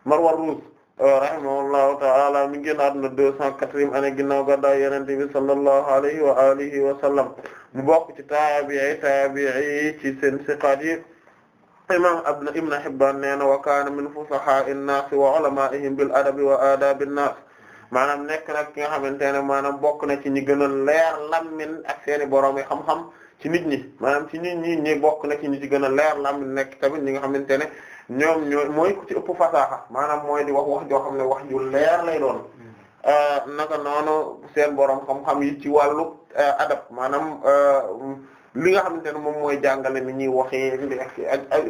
Marwar Rus rahimahullahu ta'ala mi génn àdduna deux cent quatrième année ginnaaw gàddaay Yonent bi sallallahu alayhi wa alihi wa sallam mu bokk ci taabi'i taabi'i ci seen yi imam ibn Hibban nee na wa kaana min fusahaa in-naas wa ulamaa'ihim bil adabi wa aadaabi n-naas nekk nag ki nga xamante ne maanaam bokk na ci ñi gën a leer lammin ak seeni borom yi xam-xam ci nit ñi maanaam ci nit ñi ñi bokk na ci ñi ci gën a leer lammin nekk tamit ñi nga xamante ne ñoom ñooy mooy ku ci ëpp fasaaxa maanaam mooy di wax wax joo xam ne wax ju leer lay doon naka noonu seen borom xam-xam yi ci wàllu eh, adab maanaam. Eh, li nga xamante ne moom mooy jàngale mi ñuy waxe li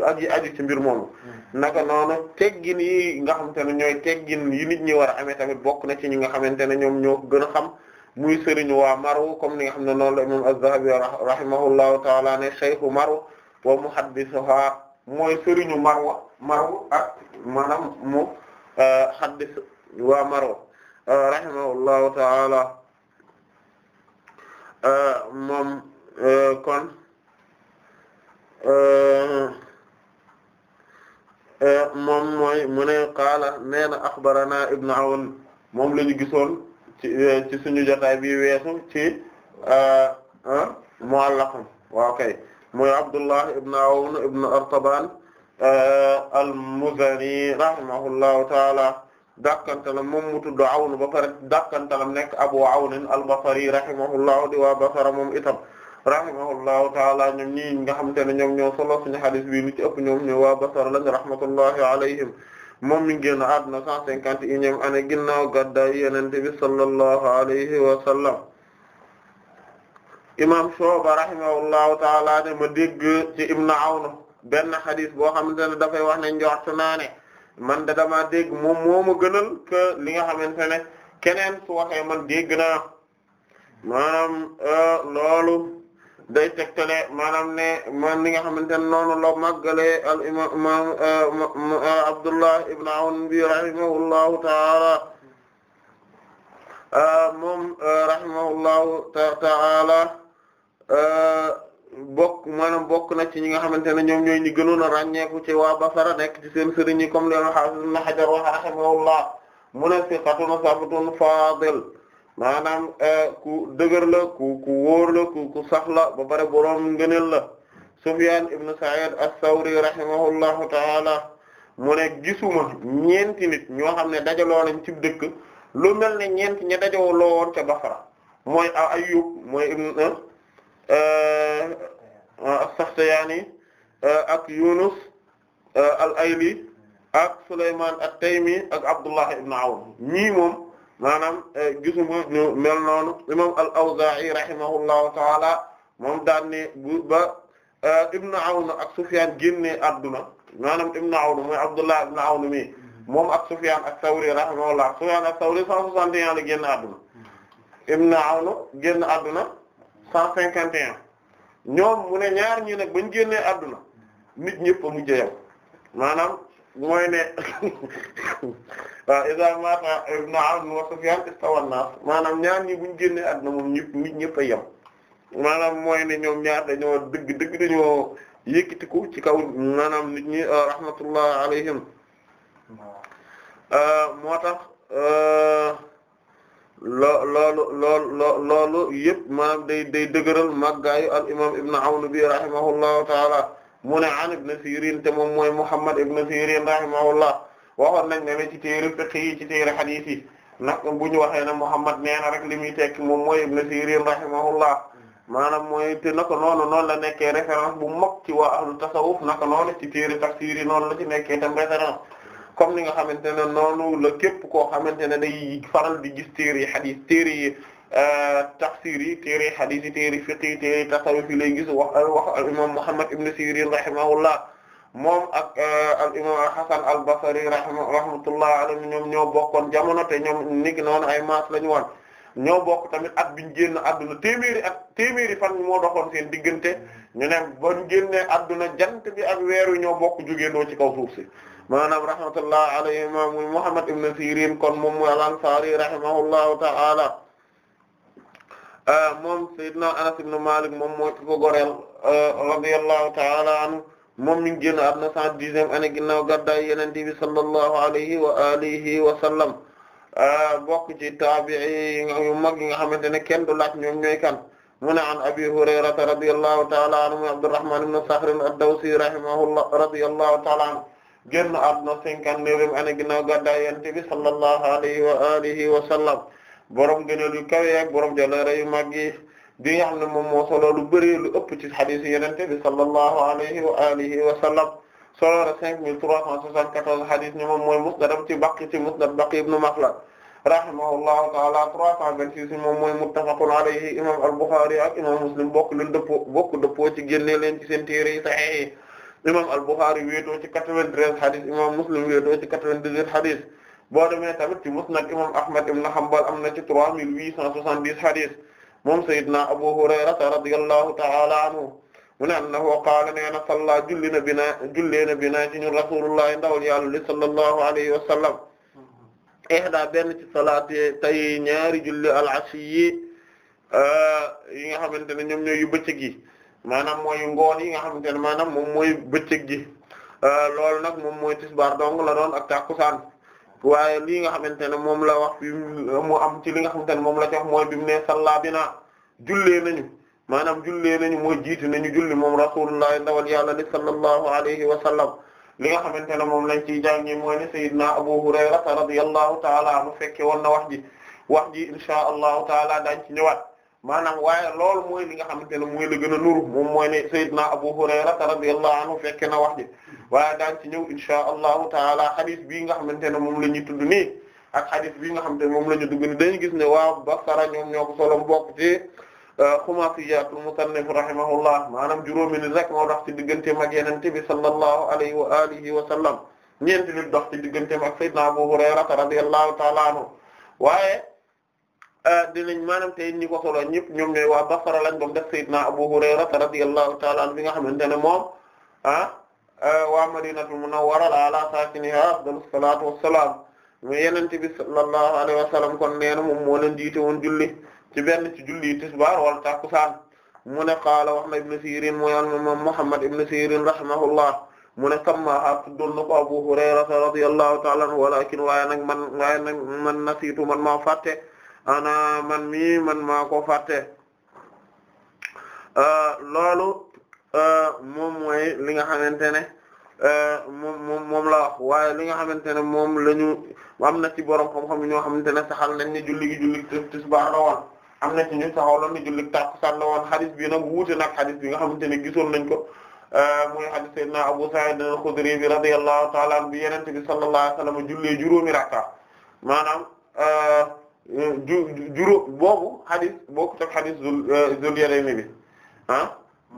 aji aji ci mbir moomu mm. naka noonu teggin yi nga xamante ne ñooy teggin yi nit ñi war a amee tamit bokk na ci ñi nga xamante ne ñoom ñoo gën a xam muy sëriñ waa maru comme ni nga xam ne noonu la imam az-Zahabi rahimahullahu taala ne shaykhu maru wa muhaddisuha mooy sëriñu marwa maru ak maanaam mu euh, haddis waa maru euh, rahimahullahu taala euh, moom Euh, kon euh, euh, moom mooy mu ne qaala nee na axbarana awn moom la gisoon ci ci suñu jotaay bi weesu ci muallaqam waaw kay mooy abdullah ibnu awn ibnu artaban al rahimahullahu taala dàkkantalam moom mu tudd Awn ba pare dàkkantalam nekk Abu Awn al rahimahullahu di waa Basra moom itam rahimahullahu taala ñoom ñi nga xamante ne ñoom ñoo solo suñu hadith bi lu ci ëpp ñoom ñoo waa Basra lañu rahmatullahi alayhim moom mi ngi génn àdduna cent cinquante et unième année ginnaaw gàddaay Yonent bi sallallahu alayhi wa sallam imam Shu'ba rahimahullahu taala ne ma dégg ci Ibn Awn benn hadith boo xamante ne dafay wax ne njort naa ne man da damaa dégg moom moo ma gënal que li nga xamante ne keneen su waxee man dégg naa maanaam euh, loolu day tegtale maanaam ne man li nga xamante ne noonu la màggale al imam eh, Abdullah ibn Awn rahimahullahu taala eh, moom eh, rahimahullahu taala bokk maanaam bokk na ci ñi nga xamante ne ñoom ñooy ñi gënoon a ràññeeku ci waa Basara nekk ci seen sëriñ yi comme leen xaafis ibn Hajar wa rahimahullah mu ne siqatun faadil maanaam euh, ku dëgër la ku wóor la ku ku sax la ba pare boroom ngëneel la Sufyaan ibn Sa'id as-Sawri rahimahullahu ta'ala mu ne gisuma ñeenti nit ñoo xam ne dajaloo nañ ci dëkk lu mel ne ñeenti ña dajoo loo woon ca Basra mooy Ayyub mooy ibn euh, euh, ah, as-Saxtiyaani ak Yunus al-Ayli ak Sulaymaan at-Taymi ak Abdullah ibn Awn ñii moom maanaam e, gisuma ñu mel noonu imam al-Awzaa'i rahimahullahu taala moom daan ne bu ba e, Ibn Awn ak Sufyaan génnee adduna maanaam Ibn Awn mooy Abdullah Ibn Awn mi moom ak Sufyaan ak Sawri rahimahullah Sufyaan ak Sawri 161 la génn adduna Ibn Awn génn adduna 151 ñoom mu ne ñaar ñi nag bañ génnee adduna nit ñëpp mu mujjee maanaam mooy ne waaw iza mata ibn Awn wa Sufyan istawa an-nas maanaam ñaar ñi buñ génnee àdduna moom ñëpp nit ñëpp a yem maanaam mooy ne ñoom ñaar dañoo dëgg dëgg dañoo ko ci kaw maanaam nit ñi euh, rahmatullah alayhim euh, moo tax euh, loo loolu loolu loolu yëpp maanaam day day dëgëral màggaayu al imam ibn Awn bi rahimahullahu taala mu ne an ibn Sirin te moom mooy Muhammad ibn Sirin rahimahullah waxoon nañ ne ci téere fiqh yi ci téere hadith yi nag bu ñu waxee ne Muhammad nee na rek li muy tekki moom mooy ibn Sirin rahimahullah maanaam mooy te naka noonu noonu la nekkee référence bu mag ci waa ahlu tasawuf naka noonu ci téere tafsir yi noonu la ci nekkee tam référence comme ni nga xamante ne noonu la képp koo xamante ne day faral di gis téere yi hadith téere yi Euh, tafsir yi téere hadith yi téere fiqh yi téere tasawuf yi lay gis wax wax al imam Muhammad ibn Sirin rahimahullah moom ak euh, al imam Hasan al Basri rahmatullah alayhi ñoom ñoo bokkoon jamono te ñoom niki noonu ay maas lañu woon ñoo bokk tamit at biñ génn adduna téeméeri at téeméeri fan moo doxoon seen diggante ñu ne ba ñu génnee adduna jant bi ak weeru ñoo bokk jógeendoo ci kaw suuf si maanaam rahmatullah alayhi muy Muhammad ibn Sirin kon moom mu al Ansari rahimahullahu ta'ala Euh, moom Seydina Anas ibn Malik moom mooy ki ko goreel euh, radiyallahu ta'ala anhu moom mi ngi génn àdduna cent dixième année ginnaaw gàddaay Yonent bi sallallahu alayhi wa alihi wa sallam euh, bokk ci taabi'i yu mag nga xamante ne kenn du laaj ñoom kan mu ne an Abi Hurayrata radiyallahu ta'ala anhu Abdurrahman ibn Sakhr ad-Dawsi rahimahullah radiyallahu ta'ala anhu génn àdduna cinquante-neuvième année ginnaaw gàddaay Yonent bi sallallahu alayhi wa alihi wa borom gëneel yu kawe ak borom jaloore yu mag yi bi ne moom moo solo lu bari lu ëpp ci hadith yenente bi sallallahu alayhi wa alihi wa sallam solo na 5374 hadith ñu moom mooy musnadam ci Baqi ci musnad Baqi ibn Makhlad rahimahullahu ta'ala 326 moom mooy muttafaqun alayhi imam al ak imam Muslim bokk leen dëppoo bokk dëppoo ci génne leen ci seen téere yi sahih imam al-Bukhari wéetoo ci 93 imam Muslim wéetoo boo demee tamit ci musnad imam Ahmad ibn Hanbal am na ci 3870 hadis moom sayyidina Abu Hurayrata radiyallahu ta'ala anhu mu ne annahu qaala nee na salla julli na bina jullee na bina ci ñun rasulullahi ndawal yàlla li sallallahu alayhi wa sallam ihda benn ci salaate tay ñaari julli al-ashi yi eh, yi nga xamante ne ñoom ñooy yu bëccëg yi maanaam mooy ngoon yi nga xamante ne maanaam moom mooy bëccëg gi eh, loolu nag moom mooy tisbaar dong la doon ak tàkkusaan waaye lii nga xamante ne moom la wax fi mu am ci li nga xamante ne moom la ci wax mooy bi mu ne salla bina jullee nañu maanaam jullee nañu mu jiiti nañu julli moom rasulullah ndawal yàlla li sallallahu alayhi wa sallam li nga xamante ne moom lañ ciy jàngi mooy ne sayyidina abu hurayrata radiyallahu taala anhu fekke woon na wax ji wax ji insha allahu taala dañ ci ñëwaat maanaam waaye loolu mooy li nga xamante ne mooy la gën a nuru moom mooy ne Seydina Abu Hurayra radiyallahu anhu fekke na wax ji waaye daan ci ñëw insha allahu taala xadis bii nga xamante ne moom la ñuy tudd nii ak xadis bii nga xam ne moom la ñu dugg ni dañu gis ne waa Basra ñoom ñoo ko solo bokk ci euh, xumaasiyaatul musannif rahimahullah maanaam juróomi rek moo dox ci diggante mag yenente bi sallallahu alayhi wa alihi wa sallam ñeenti nit dox ci digganteem ak Seydina Abu Hurayra radiyallahu taala anhu waaye Eh, dinañ maanaam tey ñi ko solo ñëpp ñoom ñooy waa Basra lañ ba mu def Seydina Abu Hurayra radiyallahu ta'ala anhu bi nga xamante ne moom ah eh, waa Madinatul Munawwara ala saakiniha afdalus salaatu wassalaam mu Yonent bi sallallahu alayhi wa sallam kon nee na moom moo leen jiite julli ci benn ci julli tisbaar wala takkusaan mu ne qaala wax na Ibn Sirin mooy al-Imam Muhammad Ibn Sirin rahimahullah mu ne sammaha tuddoon Abu Hurayra radiyallahu ta'ala anhu walakin waaye nag man man nasiitu man ana man mi man maa ko fàtte euh, loolu euh, moom mooy li nga xamante ne euh, moom moom la waaye li nga xamante ne moom la am na ci borom xam-xam ñoo xamante ne saxal nañ ne julli gi julli tisbaar la am na ci ñu saxaloon ne julli takkusaan la woon xadis bi nag wuute nag xadis bi nga xamante ne gisoon nañ ko muy xadis sayyidina Abu Sa'id al-Khudri bi ta'ala anhu bi Yonent bi sallallahu wa sallam jullee juróomi maanaam. juróom boobu xadis bokkut ak xadis zul euh, zul yadayni bi ah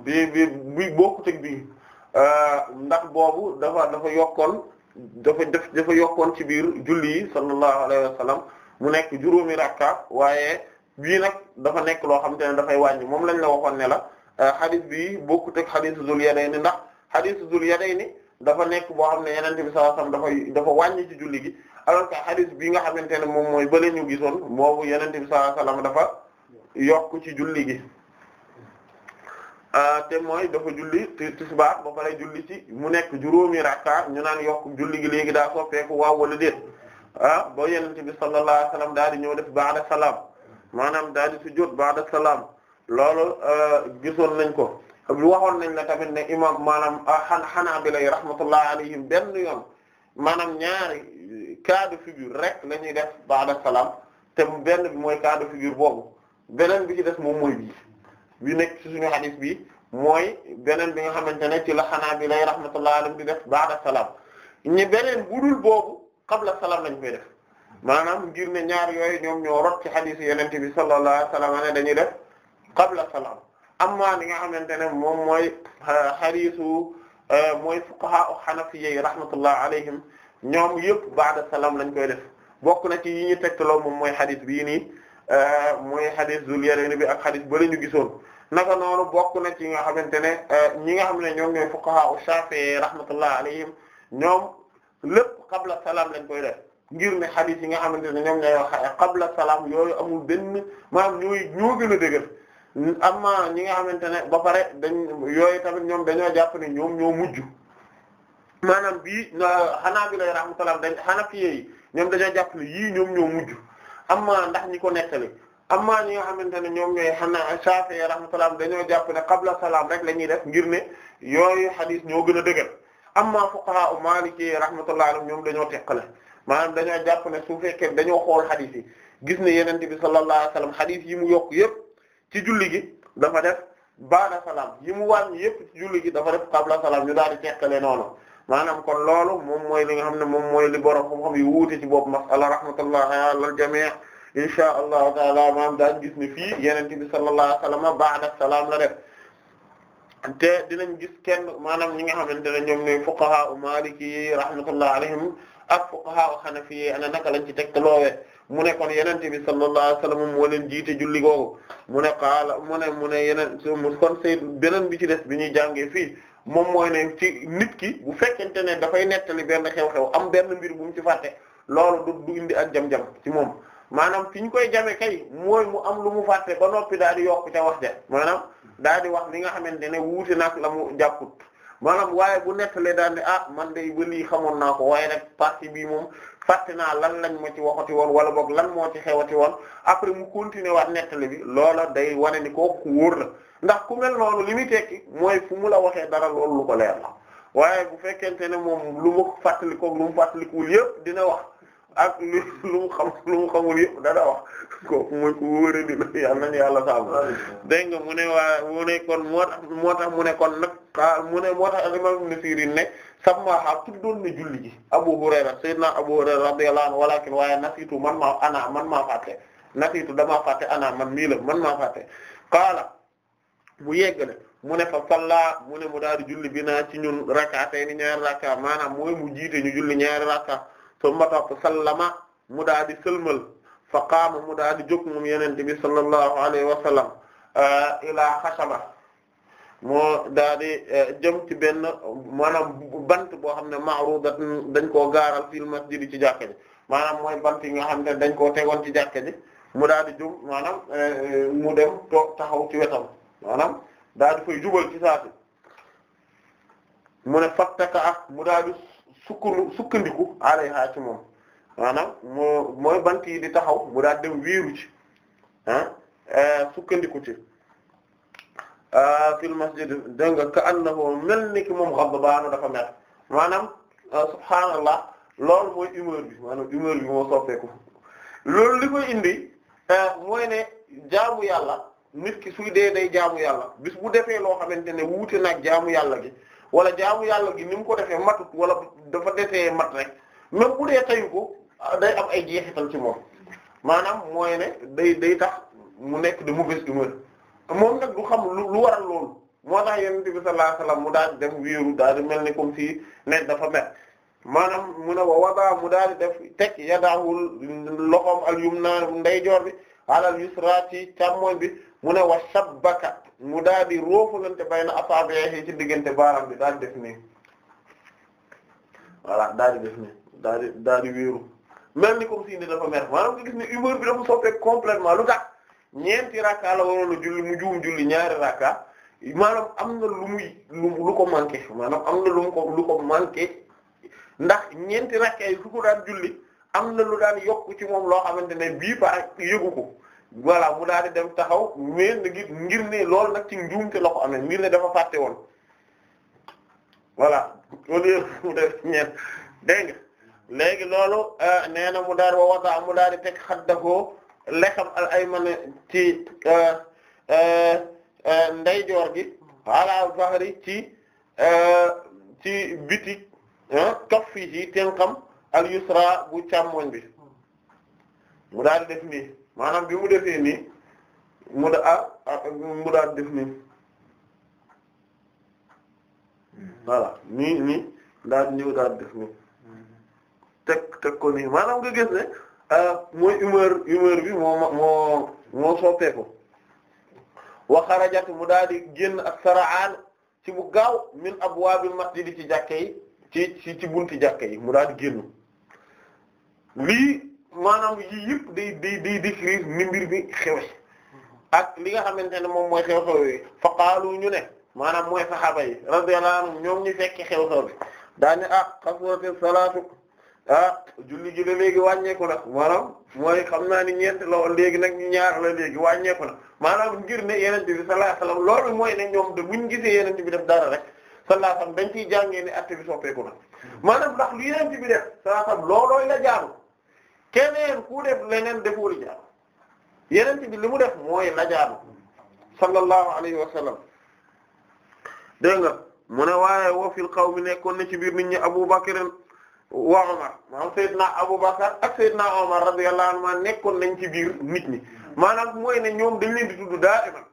bi bi bi bokkut ak euh, ndax boobu dafa dafa yokkoon dafa def dafa yokkoon ci biir julli yi sallallahu alayhi wa mu nekk juróomi rakka waaye bii nag dafa nekk loo xam xamante ne dafay wàññi moom lañ la waxoon ne la euh, xadis bii bokkut ak xadis zul yadayni ndax xadis zul yadayni dafa nekk boo xam ne yenente bi sallallahu dafa wàññi ci julli gi alors que hadith bi nga xamante ne moom mooy bële ñu gisoon moobu yenente bi sallallahu alayhi wasallam dafa yokk ci julli gi euh, te mooy dafa julli tisbaar ba pare julli ci mu nekk juróomi ñu naan yokk julli gi léegi daa soppeeku waaw wala déet ah ba yenente bi sallallahu alayhi daal di ñëw def ba'da salaam maanaam daal di sujjóot ba'da salaam loolu euh, gisoon nañ ko waxoon nañ la tamit ne imam maanaam xanaa ah, xanaabila yi rahmatullah alayhim benn yoon maanaam ñaari kaadu de rek la ñuy def ba'da salaam te benn bi mooy cas de boobu beneen bi ci des moom mooy bii bi nekk ci suñu hadith bi mooy beneen bi nga xamante ne ci la xanaabila yi rahmatullah alayhim di def ba'da salaam ñi beneen budul boobu qabla salaam lañ koy def maanaam ngir ne ñaar yooyu ñoom ñoo rot ci hadith yenente bi sallallahu alayhi wasallam ne dañuy def qabla salaam amma li nga xamante ne moom mooy xariisu mooy fuqaha hanafiyyi rahmatullah alayhim ñoom yëpp ba'da salaam lañ koy def bokk na ci yi ñu tegtaloo moom mooy xadis bii nii mooy xadis Zul Yarayni bi ak xadis ba la ñu gisoon naka noonu bokk na ci nga xamante ne ñi nga xam ne ñoom ñooy fuqaha Shafi'i rahmatullah alayhim ñoom lépp qabla salaam lañ koy def ngir ne xadis yi nga xamante ne ñoom ñooy wax qabla salaam yooyu amul ben maanaam ñooy gën a dëgër amma ñi nga xamante ne ba pare dañ yooyu tamit ñoom dañoo jàpp ne ñoom ñoo mujj maanaam bii Hanaabila rahmatullah dañ Hanafiyya yi ñoom dañoo jàppale yii ñoom ñoo mujj amma ndax ñi ko nettali amma ñi nga xamante ne ñoom ñooy xana Shaafi'i rahmatullah dañoo jàpp ne qabla salaam rek la ñuy def ngir ne yooyu xadiis ñoo gën a dëgër amma fuqahaa Maaliki rahmatullah alayhim ñoom dañoo teqale maanaam dañoo jàpp ne su fekkee dañoo xool xadiis yi gis ne Yonent bi sallallahu alayhi xadiis yi mu yokk yépp ci julli gi dafa def baada salaam yi mu wàññi yëpp ci julli gi dafa def qabla salaam ñu daal di teqale noonu maanaam kon loolu moom mooy li nga xam ne moom mooy li borom xam-xam yi wuute ci bopp masala rahmatullah ala al-jami' insha allahu taala maam daañ gis ni fii yeneen bi sallallahu alayhi wasallam baada salaam la def te dinañ gis kenn maanaam ñi nga xamante ne ñoom ñooy fuqaha u maliki yi rahmatullah alayhim ak fuqaha u hanafi yi ana naka lañ ci tegtaloowe mu ne kon yenente bi sallallahu alayhi wasallam moo leen jiite julli googu mu ne qaala mu ne mu ne yeneen kon say beneen bi ci des bi ñuy jàngee fii moom mooy ne ci nit ki bu fekkente ne dafay nettali benn xew-xew am benn mbir bu mu ci fàtte loolu du du indi ak jam-jam ci moom maanaam fi ñu koy jamee kay mooy mu am lu mu fàtte ba noppi daal di yokk ca wax ja maanaam daal di wax li nga xamante ne wuute nag la mu jàpput maanaam waaye bu nettalee daal ne ah man de ba lii xamoon naa ko waaye nag partie bii moom fàtte naa lan lañ ma ci waxati woon wala boog lan moo ci xewati woon après mu continuer waat nettali bi loola day wane ni kooku wóor na ndax ku mel noonu li muy tekki mooy fu mu la waxee dara loolu lu ko leer la waaye bu fekkente ne moom lu mu fàttalikoo lu mu fàttalikuwul yëpp dina wax ak lu mu xam lu mu xamul yëpp dana wax kooku mooy ku wóore di la yàlla nañu yàlla saabu nga mu ne waa mu ne kon moo tax mu ne kon nag a mu ne moo tax imam Ibn Sirin ne sammaha tuddoon na julli ji Abu Hurayra sayyidina Abu Hurayra radiyallahu anhu walakin waaye nasiitu man maa ana man maa fàtte nasiitu damaa fàtte ana man mii la man maa fàtte qaala mu yeggale mu ne fa salla mu ne mu daal di julli bi naa ci ñun rakka tey ni ñaari rakka maanaam mooy mu jiite ñu julli ñaari rakka summa topp sallama mu daa di sëlmal fa qaama mu daa di jóg moom yenente bi sallallahu alayhi wa sallam eh, ilaa xasaba moo daa di eh, jëm ci benn maanaam bant boo xam ne ma'rudat dañ koo gaaral fil masjid ci jàkka ji maanaam mooy bant yi nga xam ne dañ koo tegoon ci jàkka ji mu daa di jóg maanaam eh, mu dem toog taxaw ci wetam maanaam daa di jubal ci saati mu ne fattaka ak mu daa sukkandu sukkandiku alayha ci moom maanaam moo mooy bant yi di taxaw mu daal dem wiiru ci ah eh, sukkandiku ci ah, fil masjid dégg nga ka annahu mel ni ki moom ghadbaan dafa mer maanaam ah, subhaanallah loolu mooy humeur bi maanaam humeur bi moo soppeeku loolu li koy indi eh, mooy ne jaamu yàlla nit ki suy dee day jaamu yàlla bis bu defee loo xamante ne wuute nag jaamu yàlla gi wala jaamu yàlla gi ni mu ko defee matut wala dafa desee mat rek même bu dee tayu ko day am ay jeexital ci moom maanaam mooy ne day day tax mu nekk de mauvaise humeur moom nag du xam lu waral loolu moo tax yonent bi sallallahu alayhi wasallam mu daal di dem wéeru daal di mel ni comme si ne dafa mer maanaam mu ne wa wada mu daal di def teg yadaahul loxoom al yumna ndeyjoor bi alal yusra ci bi mu ne wa shabbaka mu daal di roofalante bayna na ci diggante baaraam bi daal di def nii voilà daal di def nii daal di daal di wéeru mel ni comme si ni dafa mer maanaam nga gis humeur bi dafa soppeeku complètement lu tax ñeenti rakka la waroon julli mu juum julli ñaari rakka maanaam am na lu muy lu ko manqué am na lu ko lu ko ndax ñeenti rakka yi su daan julli am na lu daan yokk ci moom loo xamante ne bii ba yëgu ko. voilà mu daal di dem taxaw ngir ngir ne loolu nag ci njuumte la ko amee ngir ne dafa fàtte woon voilà au lieu mu def ñeent dégg nga léegi loolu euh, nee na mu daal wa wata mu daal di teg dago lexam al ayman ci euh, euh, ndeyjoor gi ala zahri ci ci biti kaffihi tenqam al yusra bu càmmoñ bi mu daal di def nii maanaam bi mu defee nii mu da ah, ah, mu daal def nii mu nii nii daal def nii teg teg ko nii maanaam nga gis ne ah, mooy humeur humeur bi moo moo moo soppeeku wa xarajat mu daal di génn ak saraan ci bu gaaw min abwaabil di ci jàkke yi ci ci ci bunti jàkke yi mu daal di génn lii maanaam yii yëpp di di di décrire ni mbir bi xewe ak li nga xamante ne moom mooy xew-xew fa qaalu ñu ne maanaam mooy saxaaba yi ñoom ñu fekk xew-xew bi daañu ah xasrati salaatu ah julli gi la léegi wàññeeku nag maanaam mooy xam naa ni ñeent la léegi nag ñu ñaar la léegi wàññeeku na maanaam ngir ne yonent bi sallallahu alayhi lool loolu mooy ne ñoom de buñ gisee yonent bi def dara rek sallallahu alayhi dañ ciy jàngee ni acte bi soppeeku na maanaam keneen ku def leneen deful jaar yeneen bi li mu def mooy lajaanu sallallahu alayhi wa sallam dégg nga mu ne waaye woo fil qawmi nekkoon na ci biir nit ñi Abu Bakr wa Umar maanaam Seydina Abu Bakr ak Seydina Umar radiyallahu anhuma nekkoon nañ ci biir nit ñi maanaam mooy ne ñoom dañ leen di tudd daaiman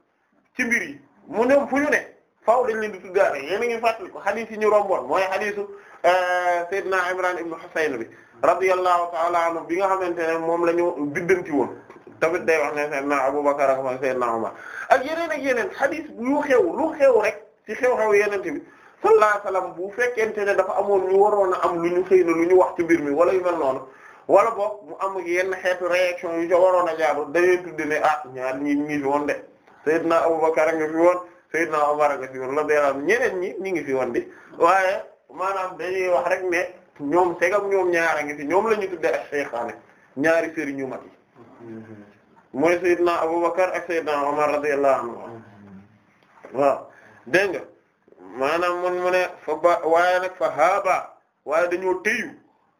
ci mbir yi mu ñoom fu ne faaw dañ leen di tudd daaiman yéen a ngi fàttali ko hadith yi romboon mooy hadithu eh, Seydina Imran ibn Husayn bi radiyallahu ta'ala anhu bi nga xamante ne moom la ñu biddanti woon tamit day wax ne Seydina Abubakar ak Seydina Umar ak yeneen ak yeneen xadis yu xew lu xew rek ci xew-xew yenente bi sallallahu bu fekkente ne dafa amoon ñu waroon a am lu ñu xëy lu ñu wax ci mbir mi wala yu mel noonu wala boog mu am yenn xeetu réaction yu ca waroon a jaaru dañuy tudde ne ah, ñaar ñi ñi fi woon de Seydina Abubakar a nga fi woon Seydina Umar a nga fi woon ñeneen ñi ñi ngi fi woon di waaye maanaam dañuy wax rek ne ñoom segam ñoom ñaara ngi fi ñoom la ñu tudde ak seyxaane ñaari sëriñ ñu mag yi mooy Seydina Abubakar ak Seydina Umar radiyallahu anhu waaw dégg nga maanaam mun mu ne fa ba waaye nag fa haaba waaye dañoo téyu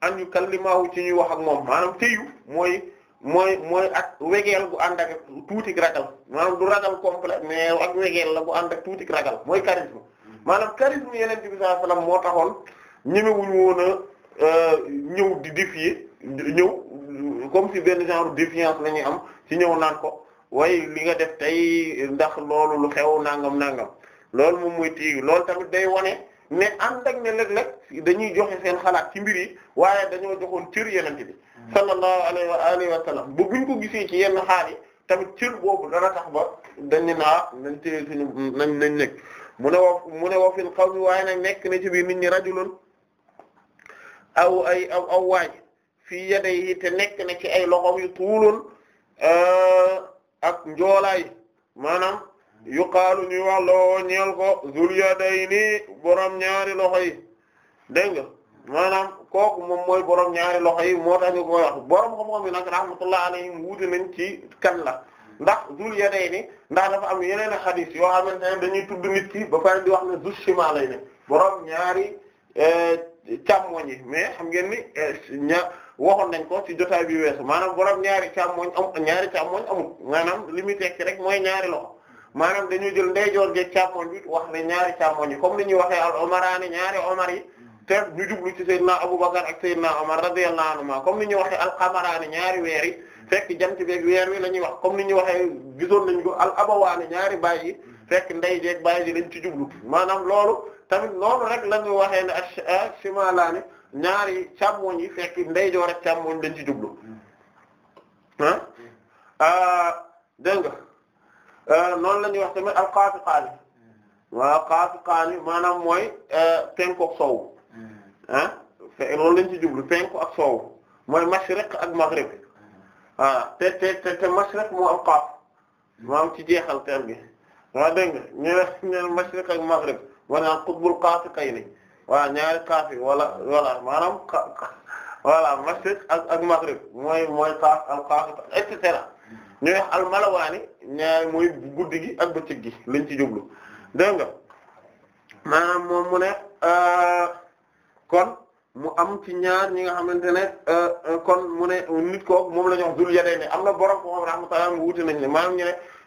an yu kallimaahu ci ñuy wax ak moom maanaam téyu mooy mooy mooy ak wegeel gu ànd ak tuuti ragal maanaam du ragal complet la gu ànd ak tuuti mooy charisme maanaam charisme yeneen bi sallallahu moo taxoon ñemewuñu woon a euh, ñëw di défier ñëw comme si benn genre défiance la ñuy am ci ñëw naan ko waaye li nga def tey ndax loolu lu xew nangam nangam loolu moom mooy tiigu loolu tamit day wane ne ànd ak ne léeg-léeg dañuy joxe seen xalaat ci mbir yi waaye dañoo joxoon cër yeneen bi sallallahu alayhi wa alihi wa sallam bu buñ ko gisee ci yen xaal yi tamit cër boobu dara tax ba dañ ne naa ah, nañ téye suñu nañ nañ nekk mu ne wa mu ne wa fil qawmi waaye nag nekk na ci biir nit ñi rajulun aw ay aw aw waaj fii te nekk na ci ay loxo yu tuulun euh, ak njoolaay maanaam yuqaalu ñuy wax loo ñeel ko zul yadayni borom ñaari loxo yi dégg nga maanaam kooku moom mooy borom ñaari loxo yi moo tax ñu koy wax borom xam-xam yi nag rahmatullah alayhim wuute nañ ci kan la ndax zul yadayni ndax dafa am yeneen xadis yo xamante ne dañuy tudd nit ba pare di wax ne zul shimalay ne borom ñaari. Euh, càmmoñ yi mais xam ngeen ni eh, ña waxoon nañ ko ci jotaay bi weesu maanaam borom ñaari càmmoñ am ñaari càmmoñ amul maanaam li muy tekki rek mooy ñaari loxo maanaam dañuy jël ndeyjoor geeg càmmoñ bi wax ne ñaari càmmoñ yi comme ni ñuy waxee al omaraani ñaari omar yi te ñu jublu ci Seydina Abubakar ak Seydina Omar radiyallahu anhuma comme ni ñuy waxee al qamaraani ñaari weer yi fekk jant beeg weer wi la ñuy wax comme ni ñuy waxee gisoon nañ ko al abawaani ñaari baay yi fekk ndey jeeg baay ji lañ ci jublu maanaam loolu. tamit noonu rek la ñu waxee ne ak shimalaani eh, ñaari càmmoñ yi fekk ndeyjoor ak càmmoñ dañ ci jublu hmm. ah dégg nga eh, noonu la ñuy wax tamit al qaafiqaani waaw qaafiqaani maanaam mooy eh, penku ak soow ah hmm. fekk loolu ak soow mooy mashriq ak maghrib hmm. ah te te mashriq moo am qaaf ci jeexal terme bi waaw dégg mashriq ak maghrib maanaam qutbul qaafi kay ni voilà ñaari kaafi wala voilà maanaam voilà mashriq ak ak maghrib mooy mooy xaaf al xaafi et cetera ñuy ñaari mooy guddi gi ak bëccëg gi lañ ci jublu dégg nga maanaam moom mu ne euh, kon mu am ci ñaar ñi nga xamante ne euh, kon mu ne nit kooku moom la ñu wax dul yi ne am na borom ko xam rahmatullah mu wuti nañ ne maanaam ñu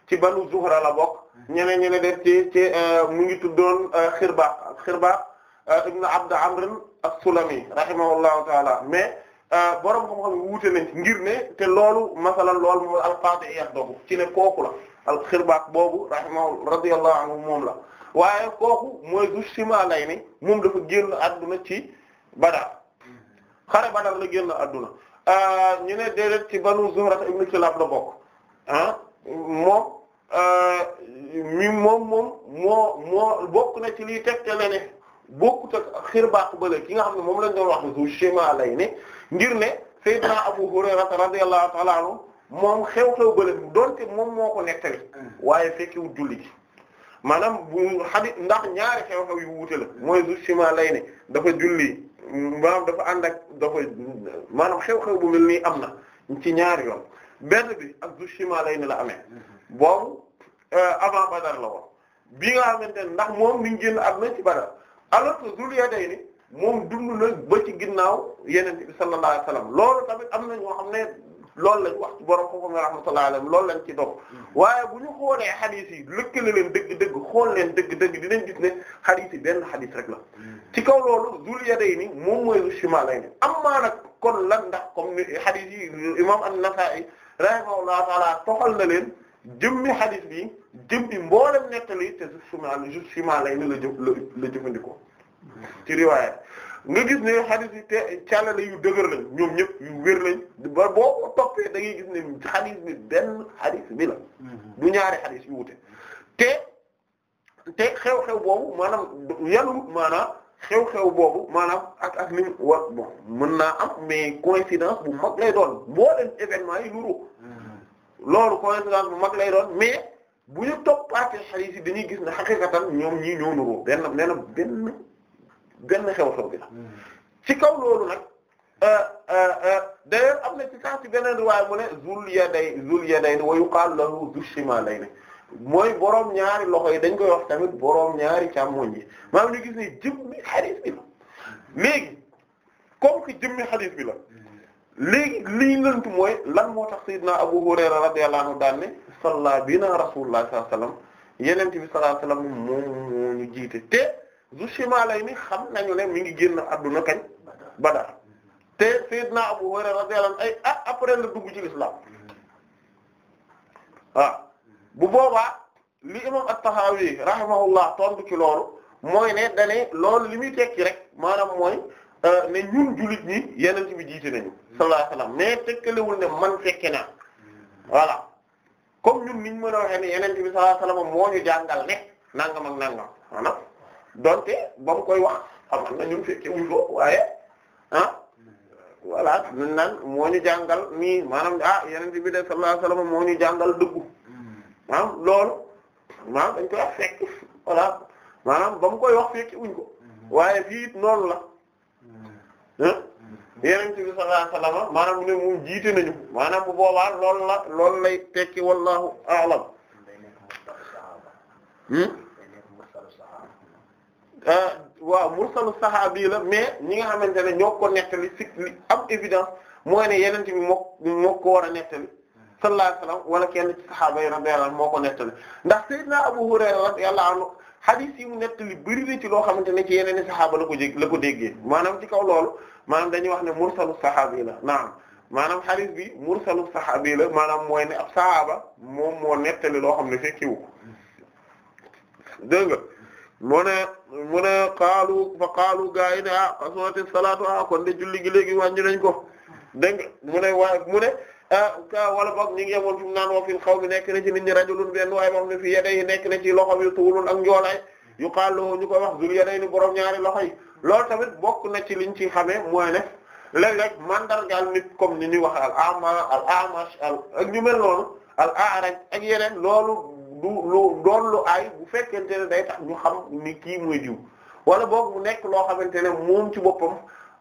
ci banu zuhra la bokk ñeneen ñi ne def ci ci euh, mu ngi tuddoon Xirbaax euh, Xirbaax euh, ibn Abd Amr as-Sulami rahimahullahu taala mais borom xam-xam wuute nañ ngir ne te loolu masalan loolu mooy al-Qadi'iyya dogu ci ne kooku la al-Xirbaax boobu rahimahu radiyallahu anhu moom la waaye kooku mooy du Shimalayni moom dafa génn adduna ci Badar xare Badar la génn adduna ñu ne déedéet ci Banu Zuhra ibn Kilab la bokk moom. Euh, mi moom moom moo moo bokk na ci lii liy tegtale ne bokkut ak xirbaaku bële ki nga xam ne moom lañ doon wax zu shima lay ne ngir ne Seydina Abu Hurayra radiyallahu ta'ala moom xew-xew bële donte moom moo ko nettali mm. waaye fekkiwul julli gi maanaam bu xadi ndax ñaari xew-xew yu wuute la mooy zu lay ne dafa julli maanaam dafa ànd ak dafa maanaam xew-xew bu mel nii am na ci ñaari yoon benn bi ak zu lay ne la ame mm-hmm. bon euh, avant Badar la woon bii nga xamante ne ndax moom mi ngi génn àdduna ci Badar alors que Zul Yadayni moom dund na ba ci ginnaaw Yonent bi sallallahu alayhi wa sallam loolu tamit am na ñoo xam ne loolu lañ wax ci borom xam-xam yi rahmatullahi alayhim loolu lañ ci dox hmm. waaye bu ñu xoolee xadis yi lëkkale leen dëgg-dëgg xool leen dëgg-dëgg dinañ gis ne xadis yi benn xadis rek la hmm. ci kaw loolu Zul Yadayni moom mooy lu Shimalayni amaa nag kon lan ndax comme ni xadis yi imam An-Nasa'i rahimahullahu ta'ala na leen. jëmmi xadis bi jëmmi mboolem nettali te sumaal juste ciment lay ni la jë la jëfandikoo ci riwaaya nga gis ne xadis yi te càllale yu dëgër lañ ñoom ñëpp yu wér lañ ba boo ko da ngay gis ne xadis bi benn xadis bi la mm-hmm. du ñaari xadis yu wute te te xew-xew boobu maanaam yalul maanaam xew-xew boobu maanaam ak ak ni mu wax bon mën naa am mais coïncidence bu mag lay doon mboolem événement yi nuru loolu coïncidence bu mag lay doon mais bu ñu toppaatee xarit yi dañuy gis ne xaqiqatan ñoom ñii ñoo nuroo benn nee na benn xew-xew bi la hmm. ci kaw loolu nag euh, euh, euh, d'ailleurs am na ci sax ci beneen riwaay mu ne zul yaday zul yaday wa yuqaalu lahu zul shimalayni mooy boroom ñaari loxo yi dañ koy wax tamit boroom ñaari càmmoñ yi maanaam ñu gis ne jëmmi xadis bi la hmm. léegi comme que jëmmi xadis léegi lii lënt mooy lan moo tax sayyidina Abu Hurayra radiyallahu anhu daan ne salla bina rasulullah sallallahu alayhi wasallam yeneen bi sallallahu alayhi wasallam moom moo ñu jiite te zu shimalayni xam nañu ne mi ngi génn adduna kañ Badar te sayyidina Abu Hurayra radiyallahu anhu ay après la dugg ci l'islam ah, bu boobaa li imam at-Tahawi rahimahullah tontu ci loolu mooy ne dane loolu li muy tekki rek maanaam mooy ne euh, ñun jullit ñi yeneen ci bi jiite nañu sallallahu alayhi wasallam mais tekkalewul ne man fekke naa voilà comme ñun niñ mën a waxee ne yeneen ci bi sallallahu alayhi wasallam moo ñu jàngal ne nangam ak nangam maanaam donte ba koy wax xam na ñun fekke wuñ ah voilà ñun moo ñu jàngal nii maanaam ah yeneen ci bi de sallallahu alayhi wasallam moo ñu jàngal dëggu maanaam loolu maanaam dañ koy wax fekk voilà maanaam ba koy wax fekke wuñ ko mm-hmm. waaye fii it la yeneen ci bi sallallahu alayhi wa sallam maanaam mu ne moom jiite nañu maanaam bu boobaa loolu la loolu lay tekki wallahu a'lam hmm? ah, waaw mursalu saxaabi la mais ñi nga xamante ne ñoo ko nettali si li am évidence mooy ne yeneen bi moo moo ko war a nettali sallallahu alayhi wa sallam wala kenn ci saxaaba yi radiyallahu anhu moo ko nettali ndax sayyidina Abu Hurayra radiyallahu anhu hadith yi mu nettali bëri na ci loo xamante ne ci yeneen i saxaaba la ko jég la ko déggee maanaam ci kaw loolu maanaam dañuy wax ne mursalu saxaabi la naam maanaam hadith bi mursalu saxaabi la maanaam mooy ne ab saxaaba moom moo nettali loo xam ne fekki wu ko nga mu ne mu ne xaalu gaa yi ne ah asonati salaatu ah, kon de julli gi léegi wàññi nañ ko dégg nga mu ne waaye mu ne. Ah, wala boog ñi ngi yemoon fi mu naan woo fil xaw mi nekk na nit ñi rajulun benn waaye boo xam ne fii yadayhi nekk na ci loxo bi tuulun ak njoolaay yu xaalloo ñu koy wax zul yadayni borom ñaari loxo yi loolu tamit bokk na ci liñ ci xamee mooy ne léeg-léeg mandargaal nit comme ni ñuy wax ama al ak ñu mel noonu al aaraj ak yeneen loolu du lu doon lu bu fekkente ne day tax ñu xam ni kii mooy jiw wala boog bu nekk loo xamante ne moom ci boppam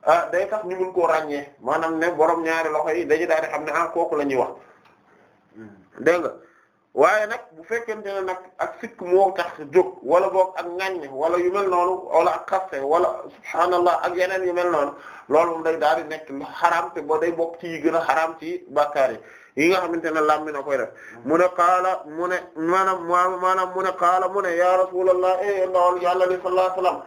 Ah day tax ñu mun ko ràññee maanaam ne boroom ñaari loxo yi dañu daal di xam ne ah kooku la ñuy wax dégg nga waaye nag bu fekkente ne nag ak sikk moo tax jóg wala boog ak ŋaññ wala yu mel noonu wala ak xaste wala subhaanallah ak yeneen yu mel noonu loolu moom day daal di nekk xaraam te ba day bokk ci yi gën a xaraam ci bàkkaar yi yi nga xamante ne lam mi na koy rek mu ne qaala mu ne maanaam maanaam mu ne qaala mu ne ya rasulallah e eh, ndawal yàlla li sallallahu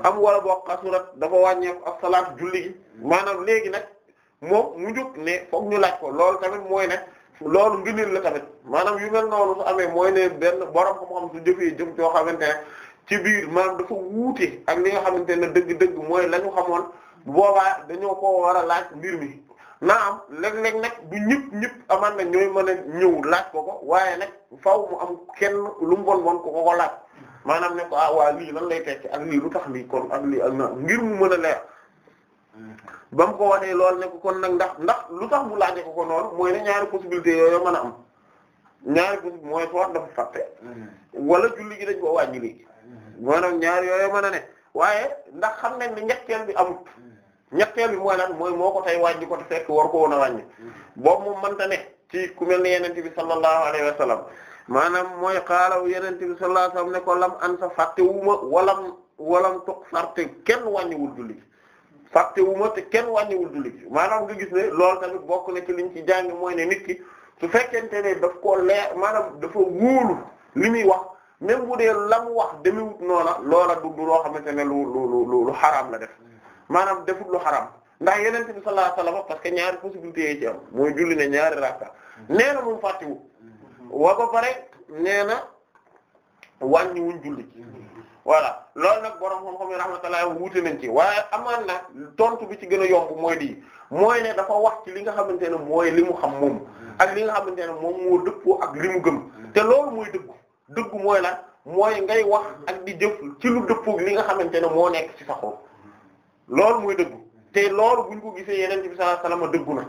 am wala boo xasurat dafa wàññeeku ak salaat julli gi maanaam léegi nag moom mu jóg ne foog ñu laaj ko loolu tamit mooy ne loolu ngëneel la tamit maanaam yu mel noonu su amee mooy ne benn borom xam-xam su jëm coo xamante ne ci biir maanaam dafa wuute ak li nga xamante ne dëgg-dëgg mooy la ñu xamoon boobaa dañoo ko war a laaj mbir mi na am léeg-léeg nag du ñëpp ñëpp amaan na ñooy ma a ñëw laaj ko ko waaye nag faaw mu am kenn lu mu bon bon ko ko laaj maanaam ne ko ah waa lii lan tekki ak lii lu tax lii kon ak lii ak na ngir mu mën a leer ba mu ko waxee lool ne ko kon nag ndax ndax lu tax mu laajee ko ko noonu mooy ne ñaari possibilité yooyu mën a am ñaari possibilité mooy soot dafa fàtte wala julli gi dañ ko wàññi ñaari yooyu mën a ne waaye ndax xam nañ ne ñetteel bi amut ñetteel bi mooy lan moo ko tey wàññi ko te fekk war ko won a wàññi boobu moom mënta ne ci ku mel ne yenente bi sallallahu alayhi wa sallam maanaam mooy xaalaw yenente bi sallallahu alayhi ne ko lam an sa fàttewuma walam walam toq fàtte kenn wàññiwul julli gi fàttewuma te kenn wàññiwul julli gi maanaam gis ne lool tamit bokk na ci liñ ci jàng mooy ne nit ki su fekkente ne daf koo leer maanaam dafa wóolu li muy wax même bu dee lam wax demiwut noona loola du du loo xamante ne lu lu lu lu xaraam la def maanaam defut lu xaraam ndax yenente bi sallallahu alayhi wasallam parce que ñaari possibilités yi ci am mooy julli ne ñaari rakka hmm. nee waa ba pare nee na wàññi wuñ julli voilà loolu nag borom xam-xam yi rahmatullah wuute nañ ci waaye amaan na tontu bi ci gën a yomb mooy di mooy ne dafa wax ci li nga xamante ne mooy li mu xam moom ak li nga xamante ne moom moo dëppoo ak li mu gëm te loolu mooy dëggu dëggu mooy lan mooy ngay wax ak di jëf ci lu dëppoo li nga xamante ne moo nekk ci sa loolu mooy dëggu te loolu buñ ko gisee yeneen ci bi sallallahu alayhi wasallam dëggu na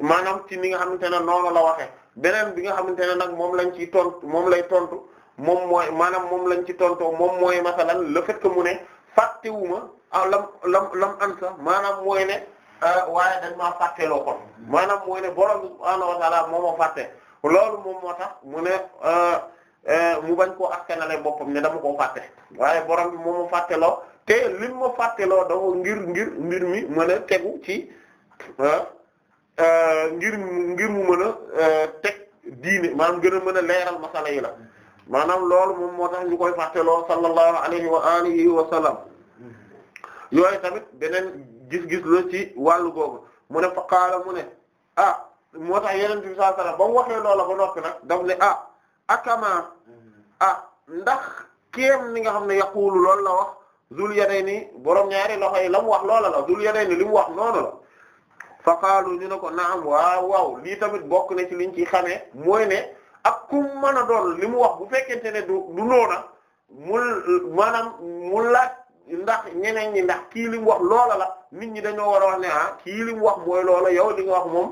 maanaam ci ni nga xamante ne noonu la waxee beneen bi nga xamante ne nag moom lañ ciy tontu moom lay tontu moom mooy maanaam moom lañ ci tontoo moom mooy masalan le fait que mu ne fàttewuma ah lam lam lam ansa maanaam mooy ne ah, waaye dañ maa fàtteloo kon maanaam mooy ne borom bi subhaanahu moo ma fàtte loolu moom moo tax mu ne ah, ah, mu bañ koo askanale boppam ne dama koo fàtte waaye borom bi moo ma fàtteloo te lim ma fàtteloo dafa ngir ngir mbir mi mën a tegu ci ah Euh, ngir ngir mu mën a euh, teg diine maanaam gën a mën a leeral masala yi la maanaam loolu moom moo tax ñu koy fàtteloo sallallahu alayhi wa alihi wa sallam yooyu tamit beneen gis-gis la ci wàllu googu mu ne fa mu ne ah moo tax yeneen bi sallallahu alayhi wa sallam ba mu waxee loola ba noppi nag daf ne a ah, akama a ah, ndax kéem ni nga xam ne yaqulu lool la wax zul yadayni borom ñaari loxo yi la mu wax loola la zul yadayni li mu wax noonu la fa qaalu ñu ne ko naam waaw waaw lii tamit bokk na ci liñ ci xamee mooy ne ak kum mën a doon li mu wax bu fekkente ne du du noona mu maanaam mu laaj ndax ñeneen ñi ndax kii li mu wax loola la nit ñi dañoo war a wax ne ah kii li mu wax mooy loola yow li nga wax moom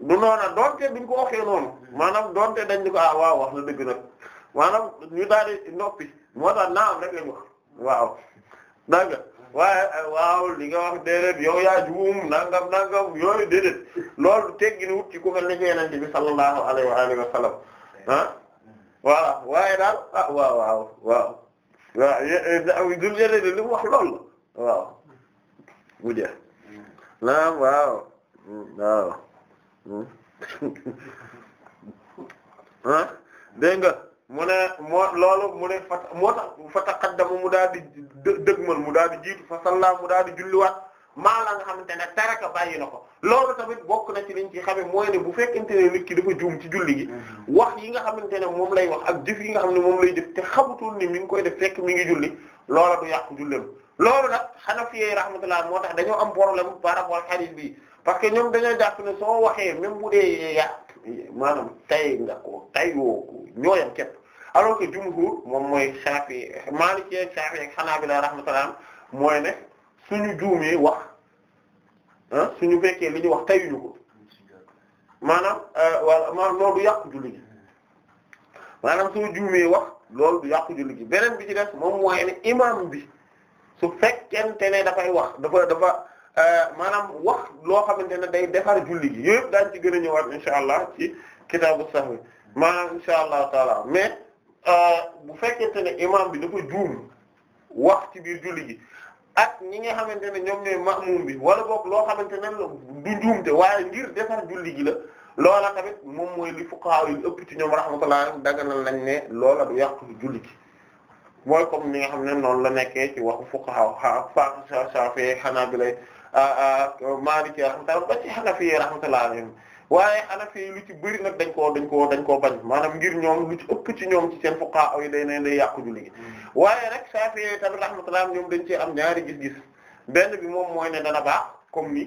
du noona donte duñ ko waxee noonu maanaam donte dañ di ko ah waaw wax na dëgg nag maanaam ñu daal di noppi moo tax naam rek lañ wax waaw waaye eh, waaw li nga wax déedéet yow yaa juum nangam nangam yooyu déedéet loolu tegginu wut ci ku mel ne yonent bi sallallahu alayhi wa alihi wa sallam ah voilà waaye daal ah waaw waaw waaw waaw dul yéene li mu wax loolu waaw bu jeex naam waaw waaw ah dégg mu ne moo loolu mu ne fa moo tax fa taqaddama mu daal di dëgmal mu daal di jiitu fa salla mu daal di julliwaat maa la nga xamante ne a bàyyi noo ko loolu tamit bokk na ci liñ ci xame mooy ne bu fekk ne nit ki dafa juum ci julli gi mm-hmm. wax yi nga xamante ne moom lay wax ak jëf yi nga xam ne moom lay jëf te xamutul ni mi ngi koy def fekk mi ngi julli loola du yàqu julleem loolu nag Hanafiyyi rahmatullah moo tax dañoo am problème par rapport ak hadith bi parce que ñoom dañoo jàpp ne soo waxee même bu dee yaa maanaam tay nga ko tay woo ko ñooyam képp alors que jumhur moom mooy Shafi Maliki ak Shafi ak Hanabila rahmatullah mooy ne suñu juumee wax ah suñu fekkee li ñuy wax tayuñu ko maanaam euh, wala maanaam loolu du yàqu julli gi maanaam suñu juumee wax loolu du yàqu julli gi beneen bi ci def moom mooy ne imam bi su fekkente ne dafay wax dafa dafa. Euh, maanaam wax loo xamante ne day defar julli gi yëpp daañu ci gën a ñëwaat insha allah ci kitaabu sahwi maanaam insha allah taala mais euh, bu fekkee te ne imam bi dafa juum wax ci biir julli gi ak ñi nga xamante ne ñoom ñooy ma'mum bi wala bokk loo xam xamante ne du juumte waaye ngir defar julli gi la loola tamit moom mooy li fuqaha yu ëpp ci ñoom rahmatullah daganal nañ ne loola du yàq julli gi mooy comme ni nga xam ne noonu la nekkee ci waxu fuqaha xanaa bi lay. Maliki rahmatullah ba ci Hanafi rahmatullah alayhim waaye Hanafi lu ci bëri nag dañ koo dañ koo dañ koo bañ maanaam ngir ñoom lu ci ëpp ci ñoom ci seen fuqaha yi day ne day yàqu julli gi hmm. waaye nag Shafi'i tamit rahmatullah ñoom dañ ci am ñaari gis-gis bi moom mooy ne dana baax comme ni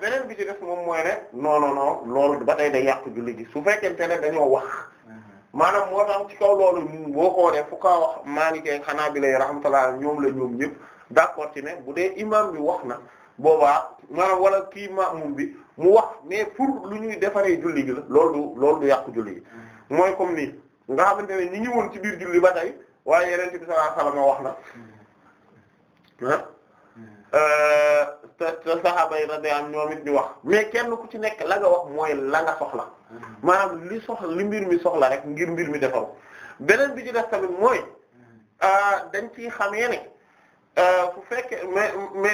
beneen bi ci def moom mooy ne non non non loolu ba tey day yàqu julli gi su fekkente wax hmm. maanaam moo tax ci kaw loolu boo xoolee fu kaa wax Maliki ak Hanabila rahmatullah ñoom la ñoom ñëpp d'accord ci ne bu dee imam bi wax na boobaa maanaam wala kii maamum bi mu wax mais pour lu ñuy defaree julli gi la loolu loolu du yàqu julli gi mm. mooy comme nii nga xamante ne ñi ngi woon ci biir julli ba tey waaye yeneen ci bi sallallahu alayhi wasallam wax na mm. ah mm. Euh, te te saxaaba yi radiyallahu ñoom ñu wax mais kenn ku ci nekk la nga wax mooy la nga soxla maanaam li soxla li mbir mi soxla rek ngir mbir mi defaw beneen bi ci def tamit mooy euh, dañ ci xamee ne euh, fu fekkee mais